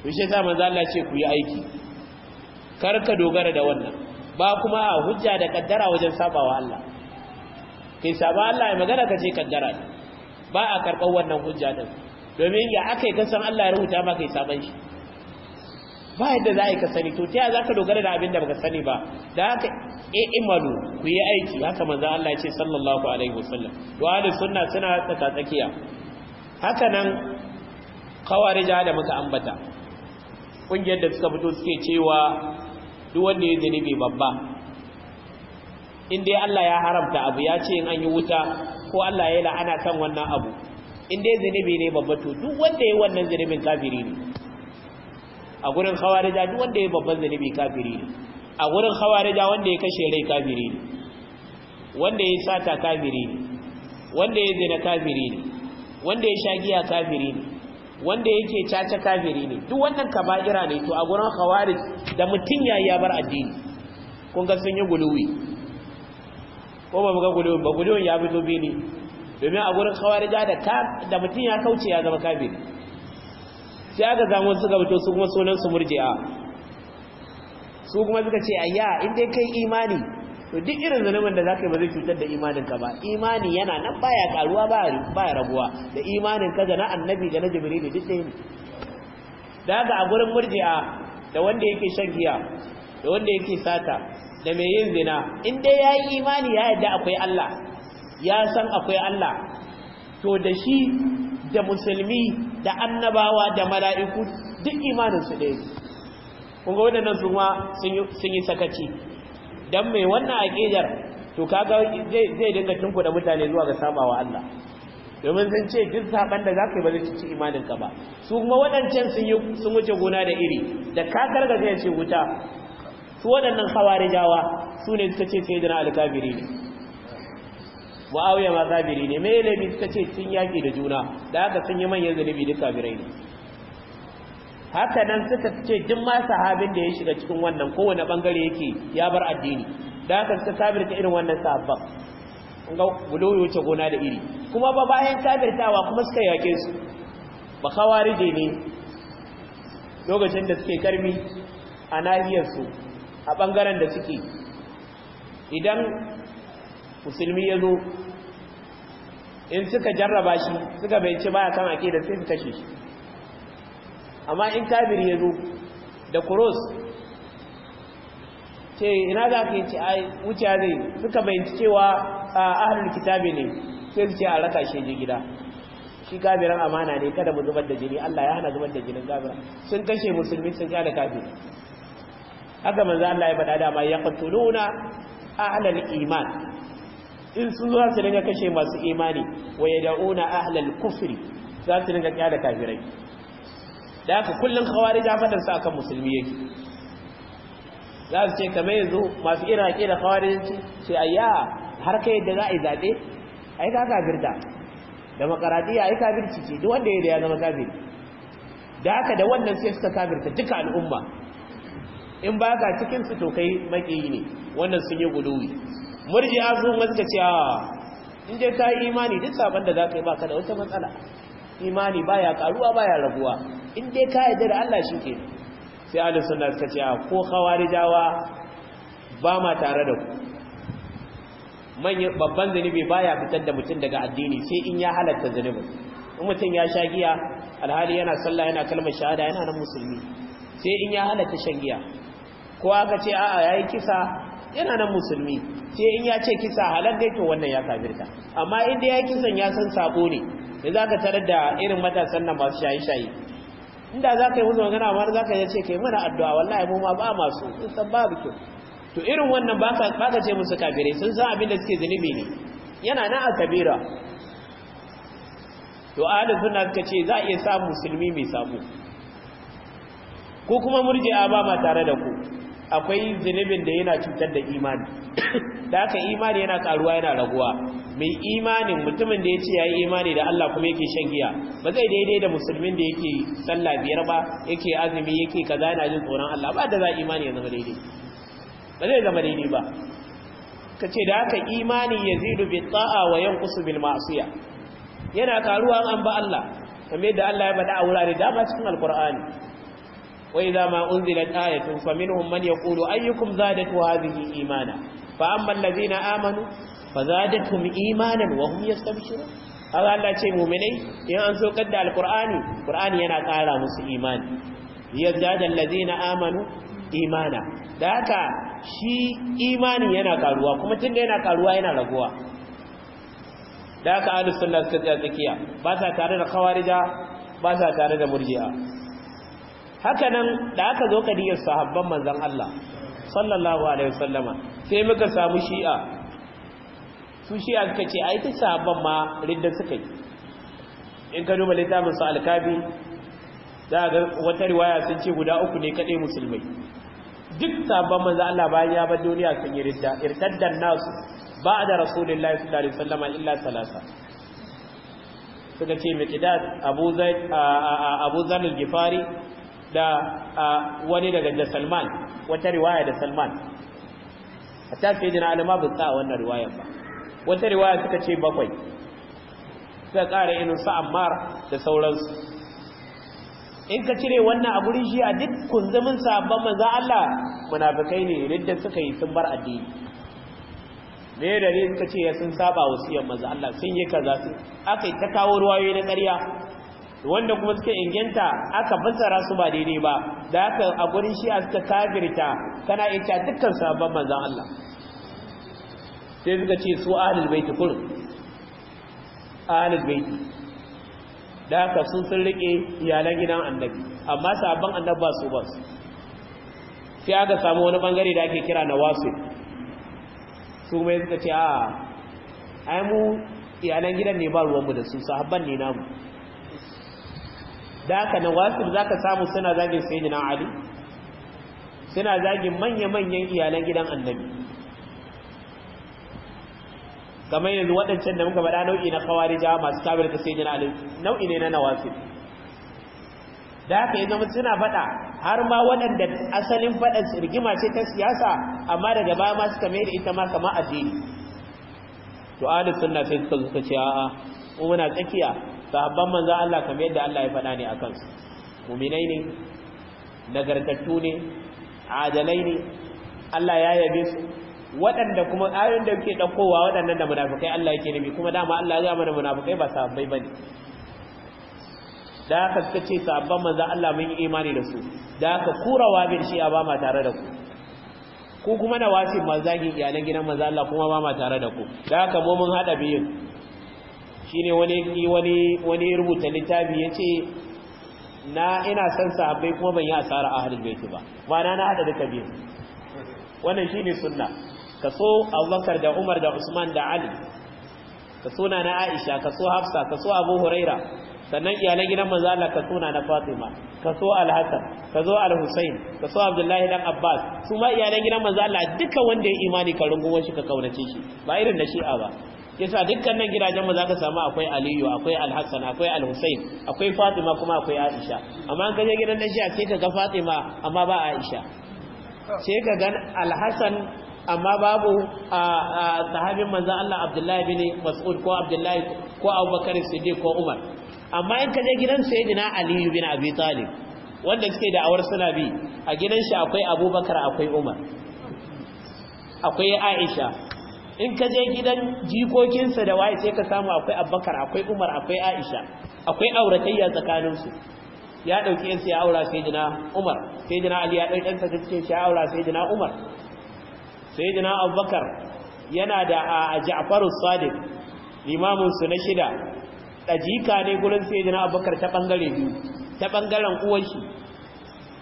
to shi yasa manzo Allah ce ku yi aiki kar ka dogara da wannan ba kuma a hujja da kaddara wajen sabawa Allah kai saba Allah ya magana ka ce kaddara ba a karɓar wannan hujja din domin ya akai kasan Allah ya rubuta maka kai saban shi ba yadda za ka sani to ta za ka dogara da abin da baka sani ba da haka e imalu ku yi aiki haka manzo Allah ya ce sallallahu alaihi wasallam to ahli sunna suna tsaka tsakiya haka nan kawarija da muka ambata kungiyar da suka fito suke cewa duk wanda ya zunubi babba in dai Allah ya haramta abu ya ce in an yi wuta ko Allah ya la'ana kan wannan abu in dai zunubi ne babba to duk wanda ya wannan zunubin kafiri ne a gurin khawarija duk wanda ya babban zunubi kafiri ne a gurin khawarija wanda ya kashe rai kafiri ne wanda ya sata kafiri ne wanda ya zina kafiri ne wanda ya sha giya kafiri ne wanda yake caca kafiri ne duk wannan kaba'ira ne to a gurin khawarij da mutun yayi ya bar addini kun ga sun yi guluwi ko ba ga guluwi ba guluwi ya fito bi ne domin a gurin khawarija da ta da mutun ya kauce ya zama kafiri sai aka zamo ga fito su kuma sunan su murji'a su kuma suka ce ayya in dai kai imani to duk irin zanen da zaka yi ba zai cutar da imanin ka ba imani yana nan baya karuwa baya rabuwa, da imanin ka ga na annabi da na jibrilu duk ɗaya ne Da a gurin murji'a da wanda yake shan giya da wanda yake sata da mai yin zina in dai ya yi imani ya yadda akwai Allah ya san akwai Allah to da shi da musulmi da annabawa da mala'iku duk imaninsu ɗaya kun ga waɗannan sun yi sakaci dan mai wannan aqidar to kaga zai zai dinga da mutane zuwa ga sabawa Allah domin sun ce duk saban da zaka ba zai ci imanin ka ba su kuma wadancan sun yi sun wuce gona da iri da ka karga zai ce wuta su wadannan khawarijawa su ne suka ce sai dana kabiri ne muawiya ma kabiri ne mai ne suka ce sun yaki da juna da haka sun yi manyan zunubi duka birai ne haka nan suka ce duk ma sahabin da ya shiga cikin wannan kowane bangare yake ya bar addini da haka suka kafirta irin wannan sahabban ga guloyi wuce gona da iri kuma ba bayan kafirtawa kuma suka yake su ba da ne lokacin da suke karmi a nahiyarsu a bangaren da suke idan musulmi ya zo in suka jarraba shi suka bai baya kan ake da sai su kashe shi amma in kabir ya zo da kuros ce ina za ka yi wuce zai suka bayanci cewa a ahlul kitabi ne sai su ce a raka shi gida shi kafiran amana ne kada mu zubar da jini Allah ya hana zubar da jinin kabiran sun kashe musulmi sun da kafiri haka manzo Allah ya bada dama ya qatuluna ahlal iman in sun zuwa su dinga kashe masu imani wa yad'una ahlal kufri za su dinga da kafirai da aka kullum khawarija fadar sa kan musulmi yake za su ce kamar yanzu masu iraki da khawarijanci ce ayya har kai yadda za a yi zaɓe yi kaka birta da a yi kabir ce duk wanda ya da zama kabir da aka da wannan sai suka kafirta duka al'umma in ba ka cikin su to kai maƙiyi ne wannan sun yi guduwi a sun suka ce a in je ka imani duk sabon da za ka yi ba ka da wata matsala imani baya karuwa baya raguwa in dai ka yarda da Allah shi ke sai ahlus suna suka ce ko khawarijawa ba ma tare da ku manyan babban ba ya fitar da mutum daga addini sai in ya halatta zanubin in mutum ya sha giya alhali yana sallah yana kalmar shahada yana nan musulmi sai in ya halatta shan giya ko aka ce a'a yayi kisa yana nan musulmi sai in ya ce kisa halal dai to wannan ya kafirta amma in dai ya kisan ya san sabo ne yanzu aka tarar da irin matasan nan masu shayi shayi. inda za ka yi musu magana amma za ka ce kai mana addu'a wallahi mu ma ba masu sun san babu kyau to irin wannan ba ka ce musu kafirai sun san abin da suke zunubi ne yana na a kabira to ahalin suna suka ce za a iya samu musulmi mai samu ko kuma murji'a ba ma tare da ku akwai zunubin da yana cutar da imani da haka imani yana karuwa yana raguwa mai imanin mutumin da ya ce ya yi imani da Allah kuma yake shan giya ba zai daidai da musulmin da yake sallah biyar ba yake azumi yake kaza zana jin tsoron Allah ba da za imani ya zama daidai ba zai zama daidai ba ka ce da haka imani ya zidu bi ta'a wa kusu bil ma'siya yana karuwa an ba Allah kamar yadda Allah ya faɗa a wurare dama cikin alqur'ani وإذا ما أنزلت آية فمنهم من يقول أيكم زادت هذه إيمانا فأما الذين آمنوا فزادتهم إيمانا وهم يستبشرون هذا الله شيء مؤمني يعني أنسوا قد القرآن القرآن ينا قال مس إيمان يزداد الذين آمنوا إيمانا ذاك شيء إيمان ينا قالوا كما تنجي ينا قالوا ينا لقوا ذاك آل السنة الزكية ba sa tare da khawarija ba sa tare da haka nan da aka zo kadiyar sahabban manzon Allah sallallahu alaihi wasallama sai muka samu shi'a su shi'a suka ce ai ta sahabban ma ridda suka yi in ka duba littafin su alkabi za ga wata riwaya sun ce guda uku ne kadai musulmai duk sahabban manzon Allah bayan ya bar duniya sun yi ridda irtaddan nasu ba'da rasulullahi sallallahu alaihi wasallama illa salasa suka ce miqdad abu zaid abu zanil gifari da wani daga da Salman wata riwaya da Salman a sayyidina jina alama bu sa wannan riwayar ba wata riwaya suka ce bakwai suka kara inu su da sauransu in ka cire wannan a gurin shi a duk kunzumin sabon maza Allah munafikai ne ridda suka yi sun bar addini me da ne suka ce sun saba wasiyar manzo Allah sun yi kaza su aka yi ta kawo ruwayoyi na ƙarya wanda kuma suka inganta aka fassara su ba daidai ba da haka a gurin shi a suka kafirta kana iya dukkan sabon manzan Allah sai suka ce su ahlul baiti kullum ahlul baiti da haka sun sun rike iyalan gidan annabi amma sabon annabi ba su ba su sai aka samu wani bangare da ake kira na wasu su mai suka ce a ai mu iyalan gidan ne ba ruwanmu da su sahabban ne namu da aka na za ka samu suna zagin na ali suna zagin manya-manyan iyalan gidan annabi kamar yanzu waɗancan da muka faɗa nau'i na kawari jawa masu kabar ta na ali nau'i ne na nawasif da aka yi zama suna faɗa har ma waɗanda asalin faɗan rigima ce ta siyasa amma daga baya ma suka mai da ita ma kama addini to Ali sunna sai suka zuka ce a'a mu muna tsakiya sahabban manzan Allah kamar yadda Allah ya faɗa ne a kansu muminai ne nagartattu ne adalai ne Allah ya yabe su waɗanda kuma ayoyin da yake ɗaukowa waɗannan da munafukai Allah yake nemi kuma dama Allah ya mana munafukai ba sahabbai ne. da aka suka ce sahabban manzan Allah mun yi imani da su da haka kurawa bin shi ba ma tare da ku ku kuma na wace manzagin iyalan gidan manzan Allah kuma ba ma tare da ku da aka mu mun haɗa biyun shine ne wani rubuta littafi yace na ina san sahabbai kuma ban yi asara ahlul baiti ba Ba na hada duka biyu wannan shine sunna kaso Abubakar da Umar da Usman da Ali kaso na Aisha kaso Hafsa kaso Abu Huraira sannan iyalan gidan manzo Allah kaso na Fatima kaso Alhassan. kaso Al-Husayn kaso Abdullahi dan Abbas su ma iyalan gidan manzo duka wanda ya imani ka rungumo shi ka kaunace shi ba irin na Shi'a ba yasa dukkanin gidajen mu zaka samu akwai Aliyu akwai Al-Hassan akwai Al-Husayn akwai Fatima kuma akwai Aisha amma ka je gidan da sai ka ga Fatima amma ba Aisha sai ka ga al amma babu sahabin manzan Allah Abdullahi bin Mas'ud ko Abdullahi ko Abubakar Siddiq ko Umar amma in ka je gidan Sayyidina Aliyu bin Abi Talib wanda suke da awar suna bi a gidan shi akwai Abubakar akwai Umar akwai Aisha in ka je gidan jikokinsa da waye sai ka samu akwai abbakar akwai umar akwai aisha akwai auratayya tsakaninsu ya ɗauki yansu ya aura sai jina umar sai jina ali ya ɗauki yansa cikin shi ya aura sai jina umar sai jina abubakar yana da a ja'faru sadiq limaminsu na shida ɗajika ne gurin sai jina abubakar ta ɓangare biyu ta ɓangaren shi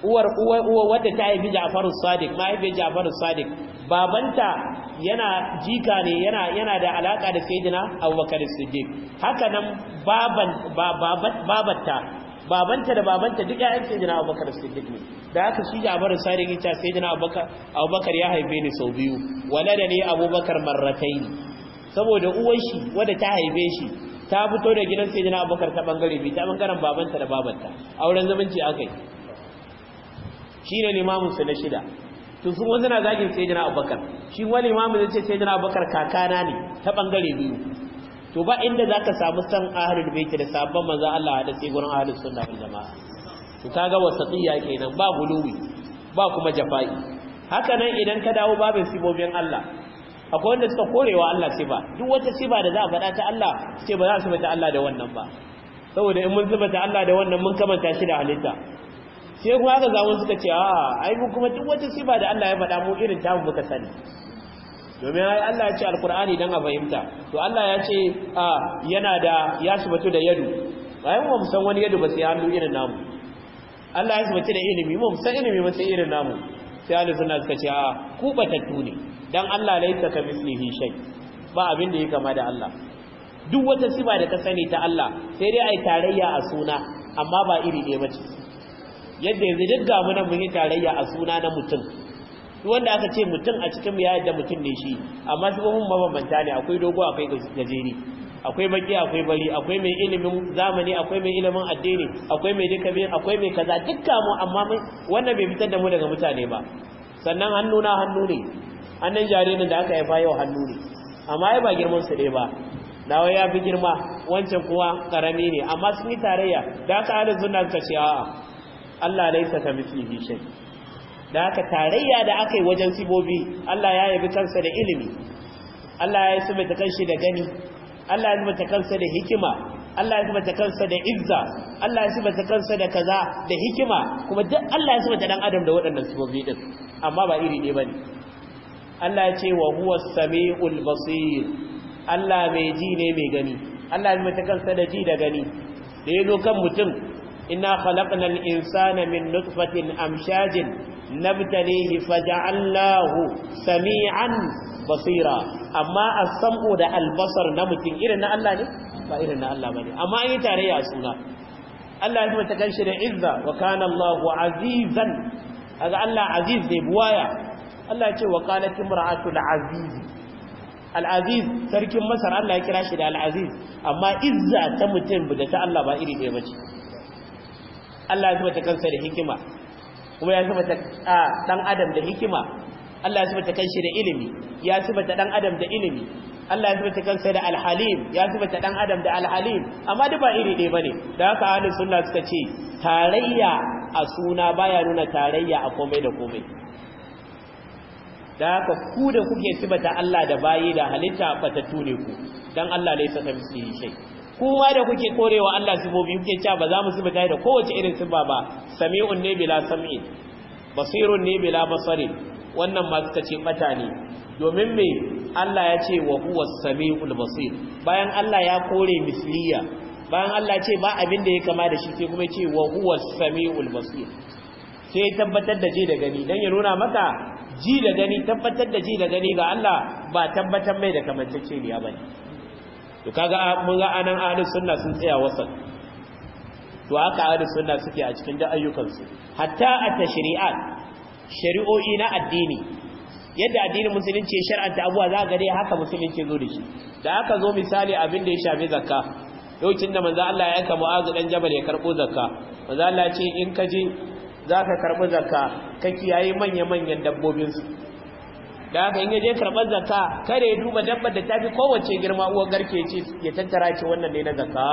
uwar uwa wadda ta haifi Ja'far as-Sadiq mahaifiyar Ja'far as-Sadiq babanta yana jika ne yana yana da alaka da Sayyidina Abubakar as-Siddiq haka nan baban babatta babanta da babanta duk ƴaƴan Sayyidina Abubakar as-Siddiq ne da haka shi Ja'far as-Sadiq ya ce Sayyidina Abubakar Abubakar ya haife ni sau biyu walada ne Abubakar marrataini saboda uwar shi wadda ta haife shi ta fito da gidan Sayyidina Abubakar ta bangare bi ta bangaren babanta da babanta auren zumunci akai shi ne limaminsu na shida to sun wasu na zagin sai jina abubakar shi wani limamin zai ce sai jina abubakar kakana ne ta bangare biyu to ba inda za ka samu san ahalul baiti da sabon maza Allah da sai gurin ahalul sunna wal jama'a to ga kaga wasatiyya nan ba guluwi ba kuma jafa'i haka nan idan ka dawo babin sibobin Allah akwai wanda suka korewa Allah siba duk wata siba da za a faɗa ta Allah ce ba za su bata Allah da wannan ba saboda in mun zubata Allah da wannan mun kamanta shi da halitta sai kuma aka zamun suka ce a ai mu kuma duk wata sifa da Allah ya faɗa mu irin ta mu muka sani domin Allah ya ce alqur'ani dan a fahimta to Allah ya ce a yana da ya subatu da yadu ai mu san wani yadu ba sai hannu irin namu Allah ya subatu da ilimi mu san ilimi ba sai irin namu sai ahli sunna suka ce a ku batattu ne dan Allah laisa ka mislihi shay ba abin da ya kama da Allah duk wata sifa da ka sani ta Allah sai dai ai tarayya a suna amma ba iri ɗaya bace yadda yanzu duk ga mu nan mun yi tarayya a suna na mutum wanda aka ce mutum a cikin ya yadda mutum ne shi amma shugaban mabambanta ne akwai dogo akwai gajeri akwai baki akwai bari akwai mai ilimin zamani akwai mai ilimin addini akwai mai duka biyu akwai mai kaza dukkan mu amma wannan bai fitar da mu daga mutane ba sannan hannu na hannu ne hannun jaririn da aka haifa yau hannu ne amma ai ba girman su ne ba nawa ya fi girma wancan kuwa karami ne amma sun yi tarayya da aka hada suna suka Allah laisa ka mislihi shay da aka tarayya da aka yi wajen sibobi Allah ya yabi kansa da ilimi Allah ya sabata kanshi da gani Allah ya ta kansa da hikima Allah ya ta kansa da izza Allah ya ta kansa da kaza da hikima kuma duk Allah ya sabata dan adam da waɗannan sibobi din amma ba iri ne bane Allah ya ce wa huwa samiul basir Allah mai ji ne mai gani Allah ya ta kansa da ji da gani da yazo kan mutum ina khalaqnal insana min nutfatin amshajin nabtalihi faja'allahu sami'an basira amma as-sam'u da al-basar na mutum irin na Allah ne ba irin na Allah bane amma an yi tarayya suna Allah ya ta kanshi da izza wa kana Allahu azizan kaga Allah aziz ne buwaya Allah ya ce wa kana timra'atu al-aziz al-aziz sarkin masar Allah ya kira shi da al amma izza ta mutum da ta Allah ba iri ɗaya bace Allah ya sifata kansa da hikima kuma ya sifata dan adam da hikima Allah ya sifata kanshi da ilimi ya sifata dan adam da ilimi Allah ya sifata kansa da alhalim ya sifata dan adam da alhalim amma duk ba iri ɗaya bane da haka ahli sunna suka ce tarayya a suna baya nuna tarayya a komai da komai da haka ku da kuke sibata Allah da bayi da halitta fatattu ne ku dan Allah laysa kamithlihi shay' kuma da kuke korewa Allah sifofi kuke cewa ba za mu sifata da kowace irin sifa ba sami'un ne bila sam'i basirun ne bila basari wannan ma suka ce bata ne domin me Allah ya ce wa huwa sami'ul basir bayan Allah ya kore misliya bayan Allah ce ba abin da ya kama da shi sai kuma ce wa huwa sami'ul basir sai tabbatar da ji da gani dan ya nuna maka ji da gani tabbatar da ji da gani ga Allah ba tabbatar mai da ba ne. to kaga mun ga anan ahlus sunna sun tsaya wasan to haka ahlus sunna suke a cikin da ayyukansu hatta a tashri'at shari'o'i na addini yadda addinin musulunci ya shar'anta abuwa za ga dai haka musulunci zo da shi da aka zo misali abin da ya shafi zakka lokacin da manzo Allah ya aika Mu'adh dan Jabal ya karbo zakka manzo Allah ce in ka je zaka karbi zakka ka kiyaye manya manyan dabbobin su da haka in yaje karɓar zakka kare ya duba dabbar da tafi kowace girma uwar garke ce ya tattara ce wannan ne na zakka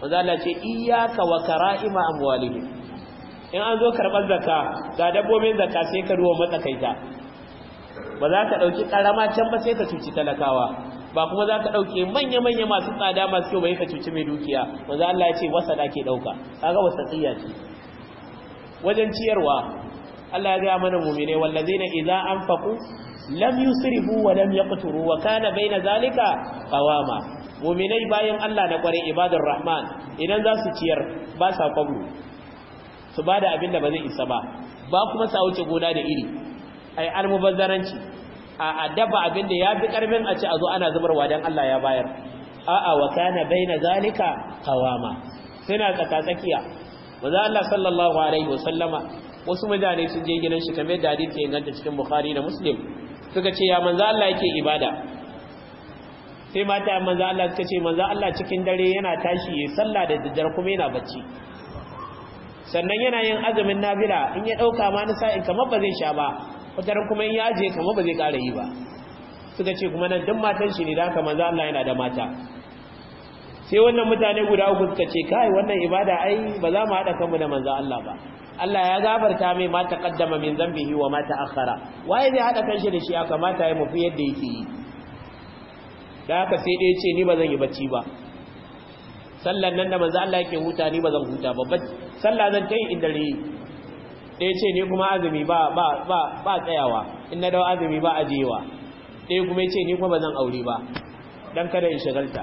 manzo Allah ce iyyaka wa kara'ima amwalihim in an zo karɓar zakka ga dabbobin zakka sai ka duba matsakaita ba za ka ɗauki ƙarama can ba sai ka cuci talakawa ba kuma za ka ɗauke manya-manya masu tsada masu yau bai ka cuci mai dukiya manzo Allah ya ce wasa da ke ɗauka kaga wasa tsiya ce wajen ciyarwa Allah ya gaya mana mu'mine wallazina idza anfaqu lam yusrifu wa lam yaqturu wa kana zalika qawama mu'minai bayan Allah na kware ibadur rahman idan za su ciyar ba sa su bada abin da ba zai isa ba ba kuma sa wuce goda da iri ai almubazzaranci a adaba abin da yafi karfin a ci a zo ana zubarwa dan Allah ya bayar a'a wa kana baina zalika qawama suna tsakatsakiya manzo Allah sallallahu alaihi wasallama wasu mutane sun je gidan shi kamar da hadisi ya inganta cikin Bukhari da Muslim suka ce ya manza Allah yake ibada sai mata ya manza Allah suka ce manza Allah cikin dare yana tashi ya sallah da daddare kuma yana bacci sannan yana yin azumin nabila, in ya ɗauka ma na sa'in kamar ba zai sha ba wataran kuma in ya je kamar ba zai ƙara yi ba suka ce kuma nan duk matan shi ne da haka manza Allah yana da mata sai wannan mutane guda uku suka ce kai wannan ibada ai ba za mu haɗa kanmu da manza Allah ba Allah ya gabarta mai mata kaddama min zambihi wa mata akhara waye zai hada kanshi da shi aka kamata ya mufi yadda yake yi da aka sai dai ce ni bazan yi bacci ba sallan nan da manzo Allah yake huta ni bazan huta ba sallah zan kai in dare dai ce ni kuma azumi ba ba ba ba tsayawa in na dawo azumi ba ajewa dai kuma yace ni kuma bazan aure ba dan kada in shagalta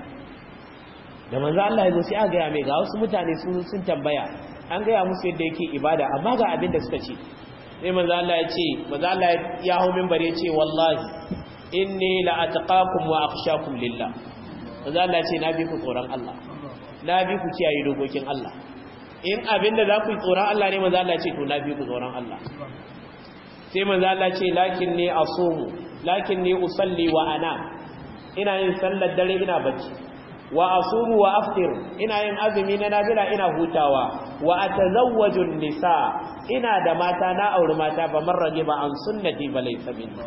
da manzo Allah ya zo sai a ga mai ga wasu mutane sun tambaya an gaya musu yadda yake ibada amma ga abin da suka ce sai manzo Allah ya ce manzo Allah ya hau minbar ya ce wallahi inni la ataqakum wa akhshakum lillah manzo Allah ya ce na bi ku tsoron Allah na bi ku kiyaye dokokin Allah in abin da za ku yi tsoron Allah ne manzo Allah ya ce to na bi ku tsoron Allah sai manzo Allah ya ce lakin ne asumu lakin ne usalli wa ana ina yin sallar dare ina bacci wa asumu wa aftir ina yin azumi na nafila ina hutawa wa atazawwaju nisa ina da mata na auri mata ba marrage ba an sunnati ba laysa minni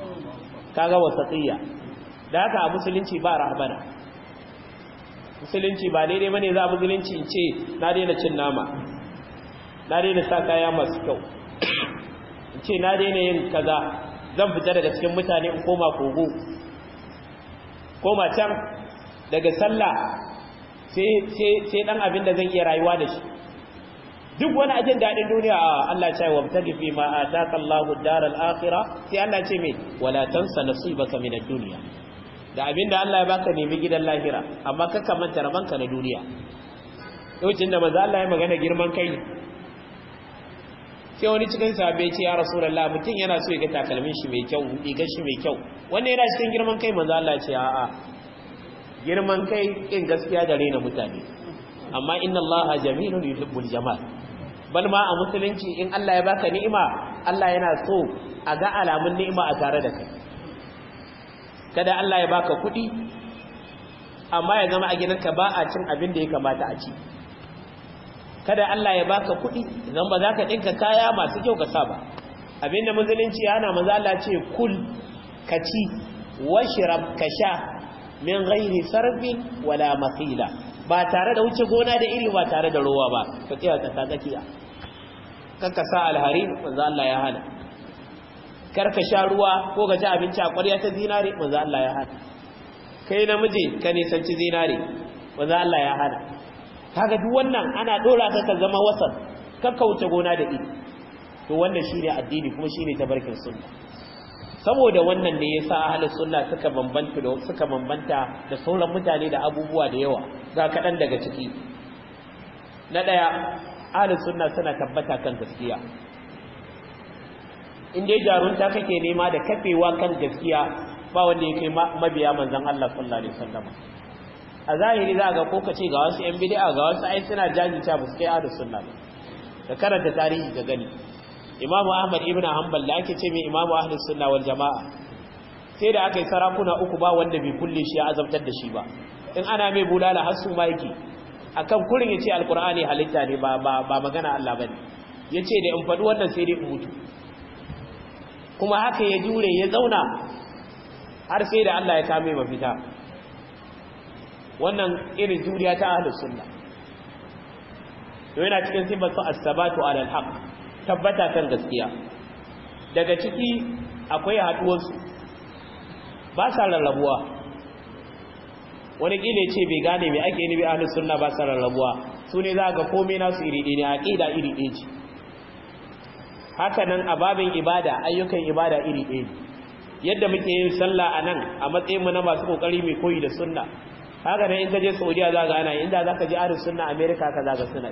kaga wasatiyya da haka a musulunci ba rahbana musulunci ba daidai bane za musulunci in ce na daina cin nama na daina sa kaya masu kyau in ce na daina yin kaza zan fita daga cikin mutane in koma kogo koma can daga sallah sai dan abin da zan iya rayuwa da shi duk wani ajin daɗin duniya a Allah ce wa mutaki fi ma ta Allahu daral akhirah sai Allah ce mai wala tansa nasibaka min ad-dunya da abin da Allah ya baka nemi gidan lahira amma ka kamanta rabanka na duniya lokacin da maza Allah ya magana girman kai sai wani cikin ya ce ya rasu rasulullah mutum yana so ya ga takalmin shi mai kyau rigar shi mai kyau wannan yana cikin girman kai maza Allah ce a'a girman kai kin gaskiya da raina mutane amma inna allaha jamilun yuhibbul jamal bal ma a musulunci in Allah ya baka ni'ima Allah yana so a ga alamun ni'ima a tare da kai kada Allah ya baka kuɗi amma ya zama a gidanka ba a cin abin da ya kamata a ci kada Allah ya baka kuɗi zan ba za ka ɗinka kaya masu kyau ka sa ba abinda musulunci yana maza Allah ce kul ka ci washirab ka sha min ghairi sarfin wala masila. ba tare da wuce gona da iri ba tare da ruwa ba ka tsaya ka tsakiya kan ka sa alhari manzo Allah ya hana kar ka sha ruwa ko ka ci abinci a ƙwarya ta zinare manzo Allah ya hana kai namiji ka nisanci zinare manzo Allah ya hana kaga duk wannan ana dora ka ka zama wasan ka wuce gona da iri to wannan shine addini kuma shine tabarkin sunna saboda wannan ne yasa ahlus sunna suka bambanta da suka bambanta da sauran mutane da abubuwa da yawa ga kadan daga ciki na daya ahlus sunna suna tabbata kan gaskiya in dai jarunta kake nema da kafewa kan gaskiya ba wanda yake mabiya manzon Allah sallallahu alaihi wasallam a zahiri za ga ko kace ga wasu yan bid'a ga wasu ai suna jajinta ba kai ahlus sunna da karanta tarihi ga gani imamu ahmad ibn hanbal da ake ce mai imamu ahlus sunna wal jama'a sai da aka yi sarakuna uku ba wanda bai kulle shi ya azabtar da shi ba in ana mai bulala har su ma yake akan kurin ce alqur'ani halitta ne ba magana Allah bane yace da in faɗi wannan sai dai in mutu kuma haka ya jure ya zauna har sai da Allah ya kame fita wannan irin juriya ta ahlus sunna to yana cikin sifatu as-sabatu alal haqq tabbata kan gaskiya daga ciki akwai haduwarsu ba sa lalabuwa wani kila ce bai gane mai ake nufi ahlus suna ba sa lalabuwa su ne za ga komai nasu iri ɗaya ne ƙida iri ɗaya ce haka a ibada ayyukan ibada iri ɗaya yadda muke yin sallah a nan a matsayin mu na masu ƙoƙari mai koyi da suna haka nan in ka je Saudiya za ga ana inda za ka je ahlus suna Amerika ka za ga sunna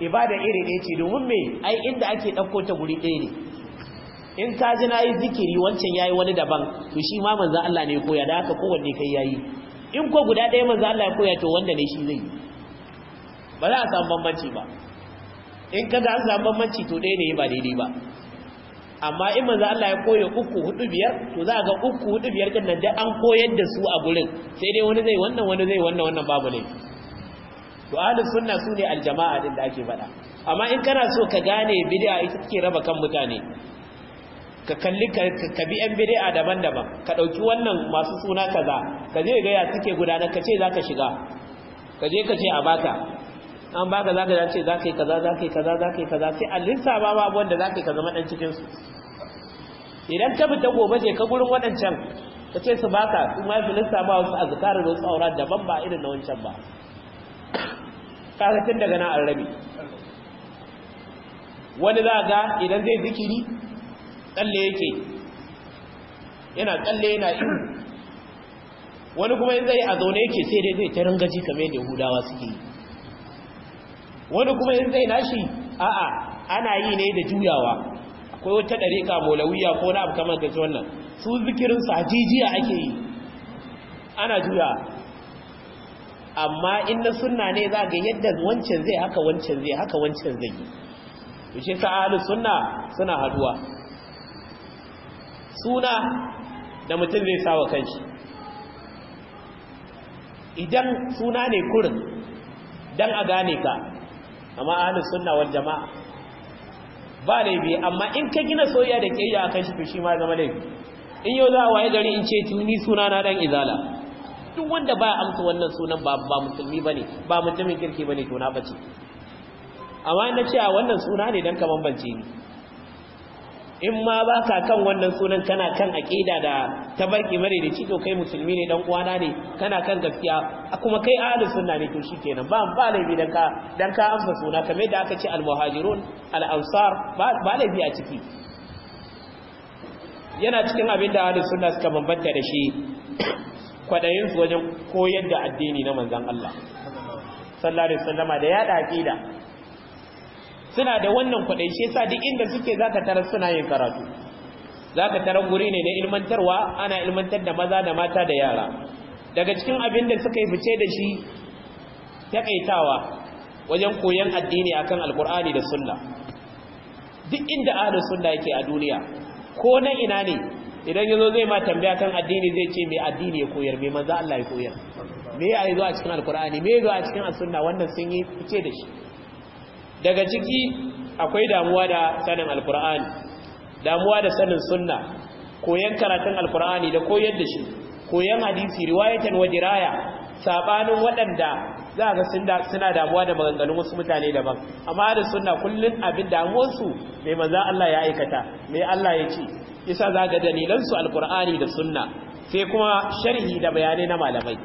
ibada iri ɗaya ce domin me ai inda ake ɗauko ta guri ɗaya ne in ka ji na yi zikiri wancan ya yi wani daban to shi ma manzan Allah ne koya da haka kowanne kai ya yi in ko guda ɗaya manzan Allah ya koya to wanda ne shi zai ba za a samu bambanci ba in ka za a samu bambanci to ɗaya ne ba daidai ba amma in manzan Allah ya koya uku hudu biyar to za a ga uku hudu biyar ɗin nan da an koyar da su a gurin sai dai wani zai wannan wani zai wannan wannan babu laifi to ahlus sunna sune aljama'a din da ake faɗa amma in kana so ka gane bid'a ita take raba kan mutane ka kalli ka bi an bid'a daban-daban ka dauki wannan masu suna kaza ka je ga ya suke gudanar ka ce zaka shiga ka je ka ce a baka an baka zaka ya ce zaka yi kaza zaka yi kaza zaka yi kaza sai alinsa ba ba wanda zaka yi ka zama dan cikin su idan ka bi gobe je ka gurin waɗancan ka ce su baka su ma su lissafa wasu azkarin wasu aurat daban ba irin na wancan ba kaga daga na an rabe wani za ga idan zai zikiri tsalle yake yana tsalle yana ihu wani kuma yin zai a zaune yake sai dai zai ta gaji kamar yadda hudawa suke yi wani kuma yin zai nashi a'a ana yi ne da juyawa akwai wata ka molawiya ko na abu kamar gaji wannan su zikirin sajijiya ake yi ana juyawa amma in na suna ne za ga yadda wancan zai haka wancan zai haka wancan zai yi wuce shi sa ahlus suna haduwa suna da mutum zai sawa kanshi idan suna ne kurin don a gane ka amma ahlus suna wani jamaa ba laifi amma in ka gina soyayya da ke yi shi to shi ma zama laifi in yau za a waye gari in ce tuni suna na dan izala duk wanda ba amsa wannan sunan ba ba musulmi bane ba mutumin kirki bane to na bace amma ina cewa wannan suna ne dan ka bambance ni in ma ba ka kan wannan sunan kana kan aqida da tabarki mare da ci to kai musulmi ne dan uwana ne kana kan gaskiya kuma kai ahli sunna ne to shikenan ba ba laifi dan ka dan ka amsa suna kamar yadda aka ce al-muhajirun al-ansar ba laifi a ciki yana cikin abin da ahli sunna suka bambanta da shi kwaɗayinsu wajen koyar da addini na manzan Allah sallari sallama da yaɗa aƙida suna da wannan kwaɗayi shi yasa duk inda suke zaka tarar suna yin karatu zaka tarar guri ne na ilmantarwa ana ilmantar da maza da mata da yara daga cikin abin da suka yi fice da shi takaitawa wajen koyan addini akan alkur'ani da sunna duk inda ahlus sunna yake a duniya ko na ina ne idan yanzu zai ma tambaya kan addini zai ce mai addini ya koyar mai manzo Allah ya koyar me ya zo a cikin alkur'ani me ya zo a cikin as-sunna wannan sun yi fice da shi daga ciki akwai damuwa da sanin alkur'ani damuwa da sanin sunna koyan karatun alkur'ani da koyar da shi koyan hadisi riwayatan wa diraya sabanin waɗanda za ga suna damuwa da maganganun wasu mutane daban amma da sunna kullun abin damuwarsu mai manzo Allah ya aikata mai Allah ya ce yasa za ga dalilansu alkur'ani da sunna sai kuma sharhi da bayanai na malamai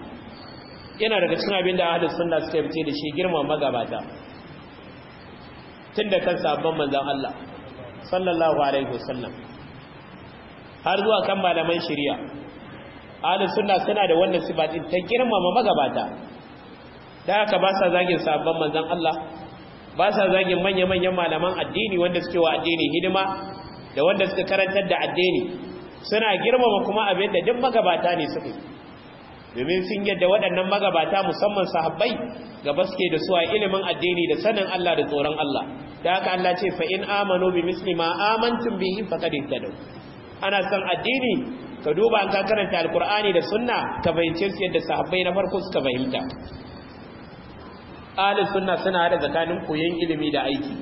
yana daga cikin abin da ahlus sunna suka fice da shi girman magabata tunda kan sabon manzon Allah sallallahu alaihi wasallam har zuwa kan malaman shari'a ahlus sunna suna da wannan sifa ta girmama magabata da haka ba sa zagin sabon manzon Allah ba sa zagin manya-manyan malaman addini wanda suke wa addini hidima da wanda suka karantar da addini suna girmama kuma abin da duk magabata ne suka yi domin sun yadda waɗannan magabata musamman sahabbai ga baske da suwa ilimin addini da sanin Allah da tsoron Allah da haka Allah ce fa in amanu bi misli ma amantum bihi faqad ihtadaw ana san addini ka duba an ka karanta alqur'ani da sunna ka bayyance su yadda sahabbai na farko suka fahimta ahli sunna suna hada tsakanin koyon ilimi da aiki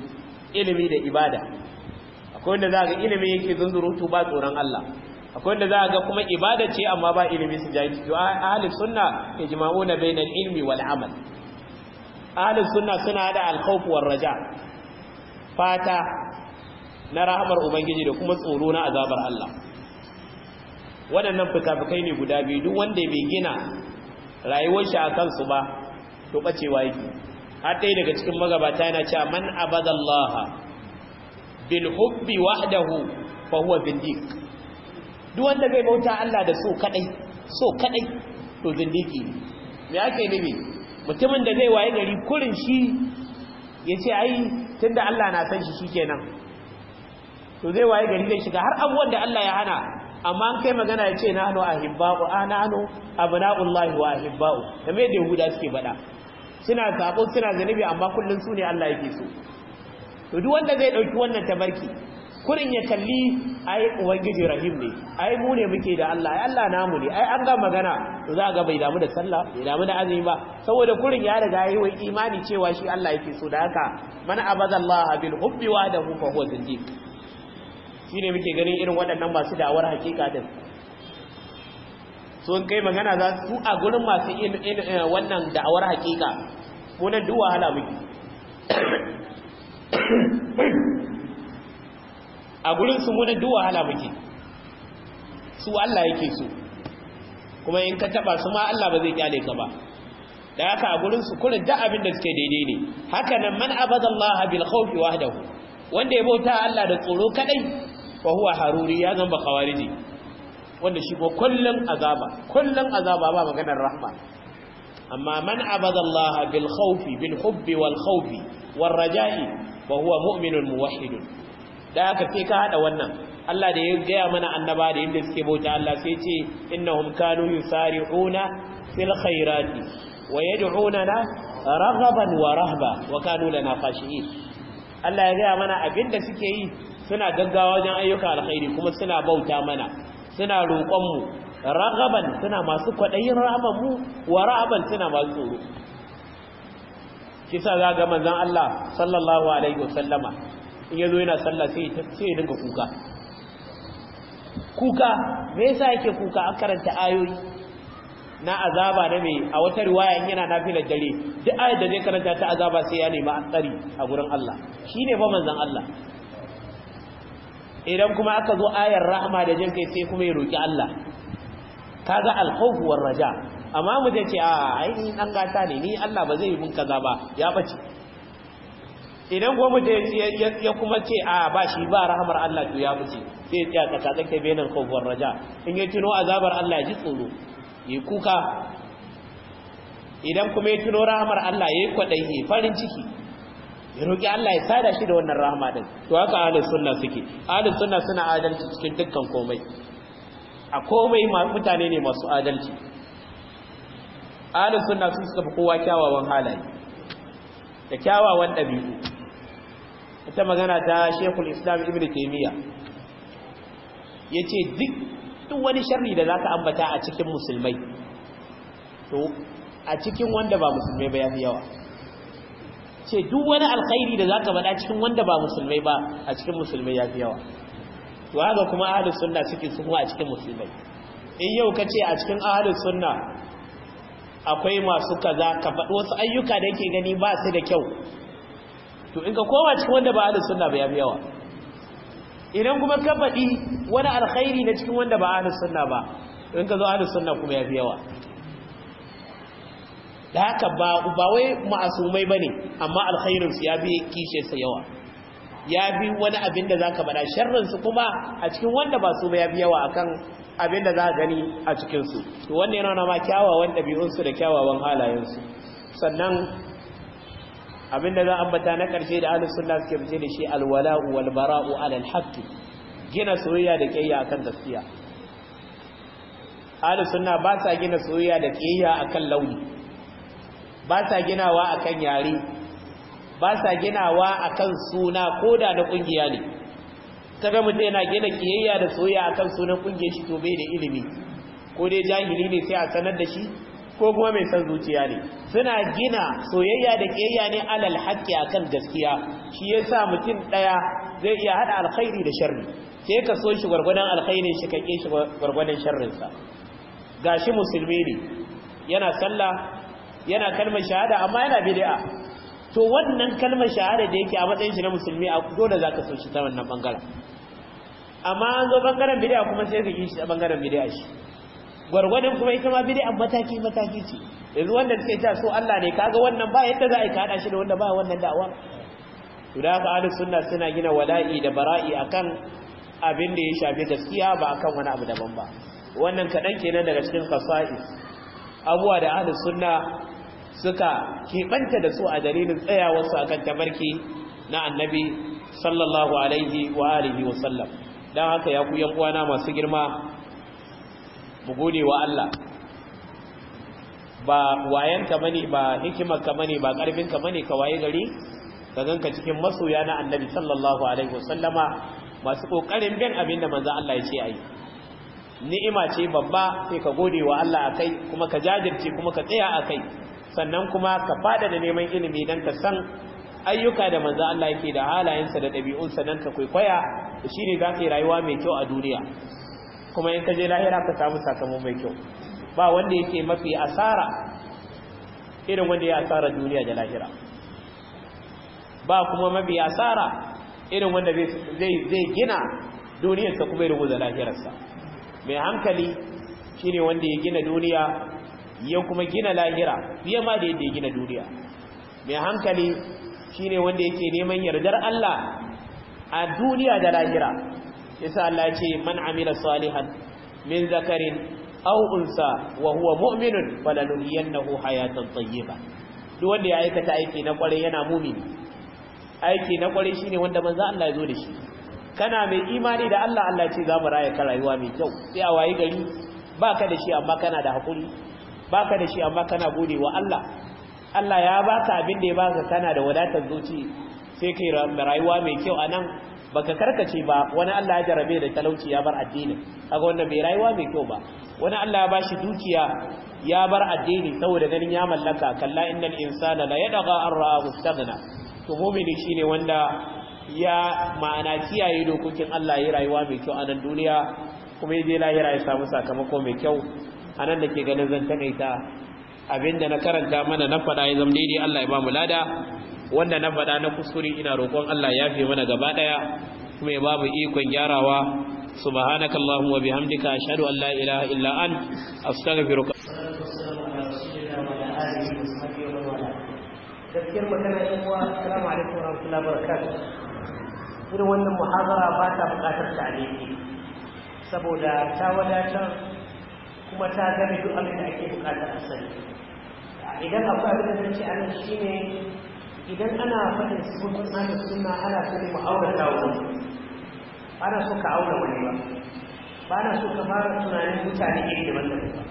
ilimi da ibada akwai wanda za ga ilimi yake zunzurutu ba tsoron Allah akwai wanda za ga kuma ibada ce amma ba ilimi su jayi to ahli sunna na bainal ilmi wal amal ahli sunna suna da al khawf raja fata na rahamar ubangiji da kuma tsoro na azabar Allah waɗannan fikafikai ne guda biyu duk wanda bai gina rayuwar shi a kansu ba to bacewa yake har ɗaya daga cikin magabata yana cewa man abadallaha bil hubbi wahdahu fa huwa zindiq duk wanda zai bauta Allah da so kadai so kadai to zindiki me yake nufi mutumin da zai waye gari kurin shi yace ai tunda Allah na san shi shikenan to zai waye gari zai shiga har abubuwan da Allah ya hana amma an kai magana ya ce na hannu a hibba'u a ah, na wa a kamar yadda da yahuda suke bada suna sabo suna zanibi amma kullum su ne Allah yake so to duk wanda zai dauki wannan tabarki kurin ya kalli ai ubangiji rahim ne ai mu ne muke da Allah ai Allah namu ne ai an ga magana to za ga bai damu da sallah bai damu da azumi ba saboda kurin ya riga yayi wa imani cewa shi Allah yake so da haka man abadallaha bil hubbi wa da hu fa huwa shi ne muke ganin irin waɗannan masu da'awar hakika din so in kai magana za su a gurin masu eh, wannan da'awar hakika mu nan duk wahala muke a gurin su mu da duk muke su Allah yake so kuma in ka taba su ma Allah ba zai kyale ka ba da haka a gurin su kullun da abin da suke daidai ne haka nan man abadallaha bil khawfi wahdahu wanda ya bauta Allah da tsoro kadai fa huwa haruri ya zamba khawariji wanda shi ko kullun azaba kullun azaba ba maganar rahma amma man abadallaha bil khawfi bil hubbi wal khawfi war raja'i Wahuwa huwa mu'minun muwahhidun da aka ce ka hada wannan Allah da ya gaya mana annaba da yadda suke bauta Allah sai ce innahum kanu yusari'una fil khairati wa yad'unana raghaban wa rahba wa kanu lana khashi'in Allah ya gaya mana abinda suke yi suna gaggawa wajen ayyuka alkhairi kuma suna bauta mana suna roƙon mu ragaban suna masu kwaɗayin rahaman mu wa suna masu tsoro Kisa sa za ga manzan Allah sallallahu alaihi wasallama in yazo yana sallah sai sai ya dinga kuka kuka me yasa yake kuka an karanta ayoyi na azaba da mai a wata riwaya in yana nafilar dare duk ayar da zai karanta ta azaba sai ya nemi tsari a gurin Allah shine ba manzan Allah idan kuma aka zo ayar rahma da jinkai sai kuma ya roki Allah kaga alkhawf war raja amma mu ce a ainihin dan gata ne ni Allah ba zai yi mun kaza ba ya bace idan kuma mutum ya kuma ce a ba shi ba rahamar Allah to ya bace sai ya tsaya tsaka tsaka bainan kofar raja in ya tuno azabar Allah ya ji tsoro ya kuka idan kuma ya tuno rahamar Allah ya yi kwaɗayi farin ciki ya roƙi Allah ya sada shi da wannan rahama din to haka ahlus sunna suke ahlus sunna suna adalci cikin dukkan komai a komai mutane ne masu adalci Ahalin suna sun suka fi kowa kyawawan halaye da kyawawan ɗabi'u ita magana ta shekul islam ibn taimiyya ya ce duk wani sharri da za ka ambata a cikin musulmai to a cikin wanda ba musulmai ba ya fi yawa ce duk wani alkhairi da za ka bada cikin wanda ba musulmai ba a cikin musulmai ya fi yawa to haka kuma ahalin suna suke suhu a cikin musulmai in yau ka ce a cikin ahalin suna. akwai masu kaza ka faɗi wasu ayyuka da yake gani ba su da kyau to in ka koma cikin wanda ba ahlus sunna ba ya yawa idan kuma ka faɗi wani alkhairi na cikin wanda ba ahlus sunna ba in ka zo ahlus sunna kuma ya yawa da haka ba wai ma'asumai bane amma alkhairin su ya bi kishe sa yawa ya fi wani abin da za ka bada sharrinsu kuma a cikin wanda ba su ya fi yawa akan abin da za a gani a cikinsu to wannan yana nama kyawawan ɗabi'unsu da kyawawan halayensu sannan abin da za a ambata na ƙarshe da alisu na suke fice da shi alwala'u wal bara'u alal haqqi gina soyayya da a akan gaskiya alisu na ba sa gina soyayya da a akan launi ba sa ginawa akan yare ba sa ginawa kan suna ko da na ƙungiya ne Ta ga mutum yana gina kiyayya da a kan sunan ƙungiyar shi to da ilimi ko dai jahili ne sai a sanar da shi ko kuma mai san zuciya ne suna gina soyayya da kiyayya ne alal a kan gaskiya shi ya sa mutum ɗaya zai iya haɗa alkhairi da sharri sai ka so shi gwargwadon alkhairin shi ka ƙi shi gwargwadon sharrinsa Ga shi musulmi ne yana sallah yana kalmar shahada amma yana bid'a to wannan kalmar shahada da yake a matsayin shi na musulmi a dole za ka so shi ta wannan bangaren amma an zo bangaren bid'a kuma sai ka yi shi a bangaren bid'a shi gwargwadon kuma ita ma bid'a mataki mataki ce yanzu wanda suke ta so Allah ne kaga wannan ba yadda za a yi kada shi da wanda ba wannan da'awa to da haka ahlus sunna suna gina wala'i da bara'i akan abin da ya shafi gaskiya ba akan wani abu daban ba wannan kadan kenan daga cikin fasa'is abuwa da ahlus sunna suka kibanta da su a dalilin tsayawarsu akan tabarki na annabi sallallahu alaihi wa alihi wa sallam don haka ya ku uwana masu girma mu gode wa Allah ba wayanka bane ba hikimarka bane ba karfinka bane ka waye gari ka ganka cikin masoya na annabi sallallahu alaihi wa sallama masu kokarin bin abin da manzo Allah ya ce ayi ni'ima ce babba sai ka gode wa Allah akai kuma ka jajirce kuma ka tsaya akai sannan kuma ka fada da neman ilimi don ka san ayyuka da manzan Allah yake da halayensa da ɗabi'unsa dan ka kwaikwaya da shi ne za ka yi rayuwa mai kyau a duniya kuma in ka je lahira ka samu sakamako mai kyau ba wanda yake mafi asara irin wanda ya asara duniya da lahira ba kuma mafi asara irin wanda zai gina duniyarsa kuma ya rubuta lahirarsa mai hankali shi ne wanda ya gina duniya ya kuma gina lahira fiye ma da yadda ya gina duniya mai hankali shine wanda yake neman yardar Allah a duniya da lahira yasa Allah ce man amila salihan min zakarin au'unsa unsa wa huwa mu'minun falanuhyiyannahu hayatan tayyiba duk wanda ya aikata aiki na kware yana mumini aiki na kware shine wanda manzo Allah ya zo da shi kana mai imani da Allah Allah ce za mu raya ka rayuwa mai kyau sai a wayi gari baka da shi amma kana da hakuri baka da shi amma kana gode wa Allah Allah ya baka abin da ya baka kana da wadatar zuci sai kai rayuwa mai kyau anan baka karkace ba wani Allah ya jarabe da talauci ya bar addini kaga wanda bai rayuwa mai kyau ba wani Allah ya bashi dukiya ya bar addini saboda ganin ya mallaka kalla innal insana la yadgha an ra'ahu istaghna to mu'mini shine wanda ya ma'ana kiyaye dokokin Allah ya rayuwa mai kyau a nan duniya kuma yaje lahira ya samu sakamako mai kyau a nan da ke ganin zan takaita abinda na karanta mana na faɗa ya zama daidai Allah ya ba mu lada wanda na faɗa na kuskure ina roƙon Allah ya fi mana gaba ɗaya kuma ya ba mu ikon gyarawa subhanaka allahumma bihamdika ashhadu an la ilaha illa ant astaghfiruka gaskiyar magana yan uwa assalamu alaikum wa rahmatullahi wa barakatuh irin wannan muhabara ba ta buƙatar tarihi saboda ta wadatar kuma ta gane duk abin da ake bukatar a sani idan abu abin da ce anan shine idan ana faɗin sunan ana suna ana so aure ma'aurata wani ana so ka aure wani ba ba na so ka fara tunanin mutane iri da wannan ba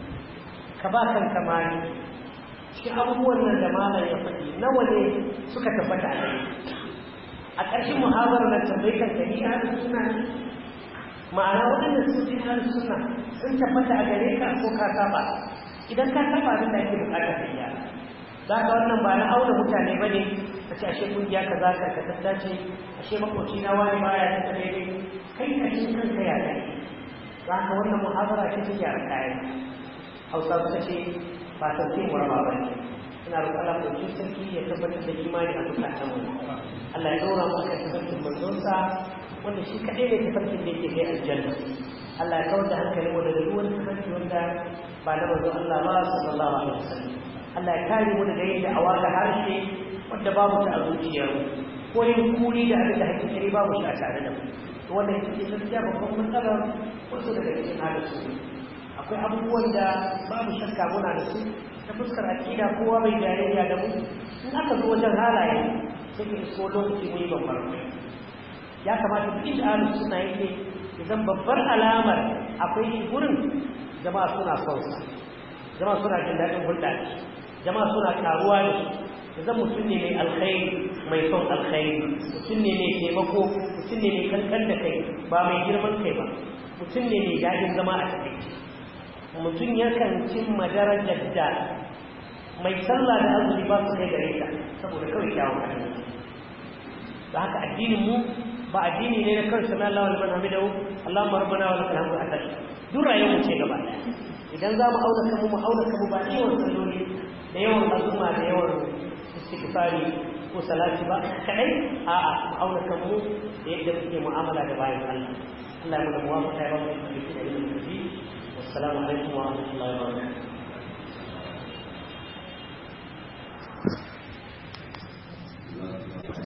ka ba kan kamani shi abubuwan nan da malam ya faɗi nawa ne suka tabbata a a ƙarshen muhawarar na tambayar kan ɗabi'a da suna ne ma'ana waɗanda sun fi hannun suna sun tabbata a gare ka ko ka saba idan ka saba abin da ake bukatar ka iya za ka wannan ba na auna mutane ba ne ka ce ashe kungiya ka za ka ka tattace ashe makoci na wani ba ya tattare daidai kai ka shi kanka ya kai za ka wannan muhabara ce ta gyara kayan hausa suka ce ba sauke warma ba ne ina roƙon ɗauki sarki ya tabbatar da imani a bukatar mu Allah ya ɗora mu a kan tabbatar manzonsa wanda shi kaɗai ne tafarkin da yake kai aljanna Allah ya kawar da hankalin wanda da wani tafarki wanda ba na manzo Allah ba sallallahu alaihi wasallam Allah ya kare mu daga yin da'awa da harshe wanda babu ta a ko yin kuri da abin da hakikari babu shi a tare da mu to wannan ita ce gaskiya babban matsalar wasu daga cikin halin su akwai abubuwan da babu shakka muna da su ta fuskar akida kowa bai jayayya da mu in aka zo wajen halaye sai ka iso lokaci mu yi babbar ya kamata duk inda ahlus sunna yake idan babbar alamar akwai gurin jama'a suna son sa jama'a suna jin daɗin hulɗa jama'a suna ne da zan idan mutum ne mai alkhairi mai son alkhairi mutum ne mai taimako mutum ne mai kankan da kai ba mai girman kai ba mutum ne mai daɗin zama a cikin mutum yakan cin darajar da mai sallah da azumi ba su kai gare ta saboda kawai kyawun addini da haka addinin mu بعد ديني لين كل سمع الله ربنا مدهو الله ربنا ولا كلام بحثني دور أيوم شيء كبار إذا ما محاولة كم محاولة كم بعدي وصلوني ليوم أزوما ليوم استغفاري وصلاة شباب كأي آه محاولة كم يقدر في معاملة دبائي الله الله من الموافق يا رب والسلام عليكم ورحمة الله وبركاته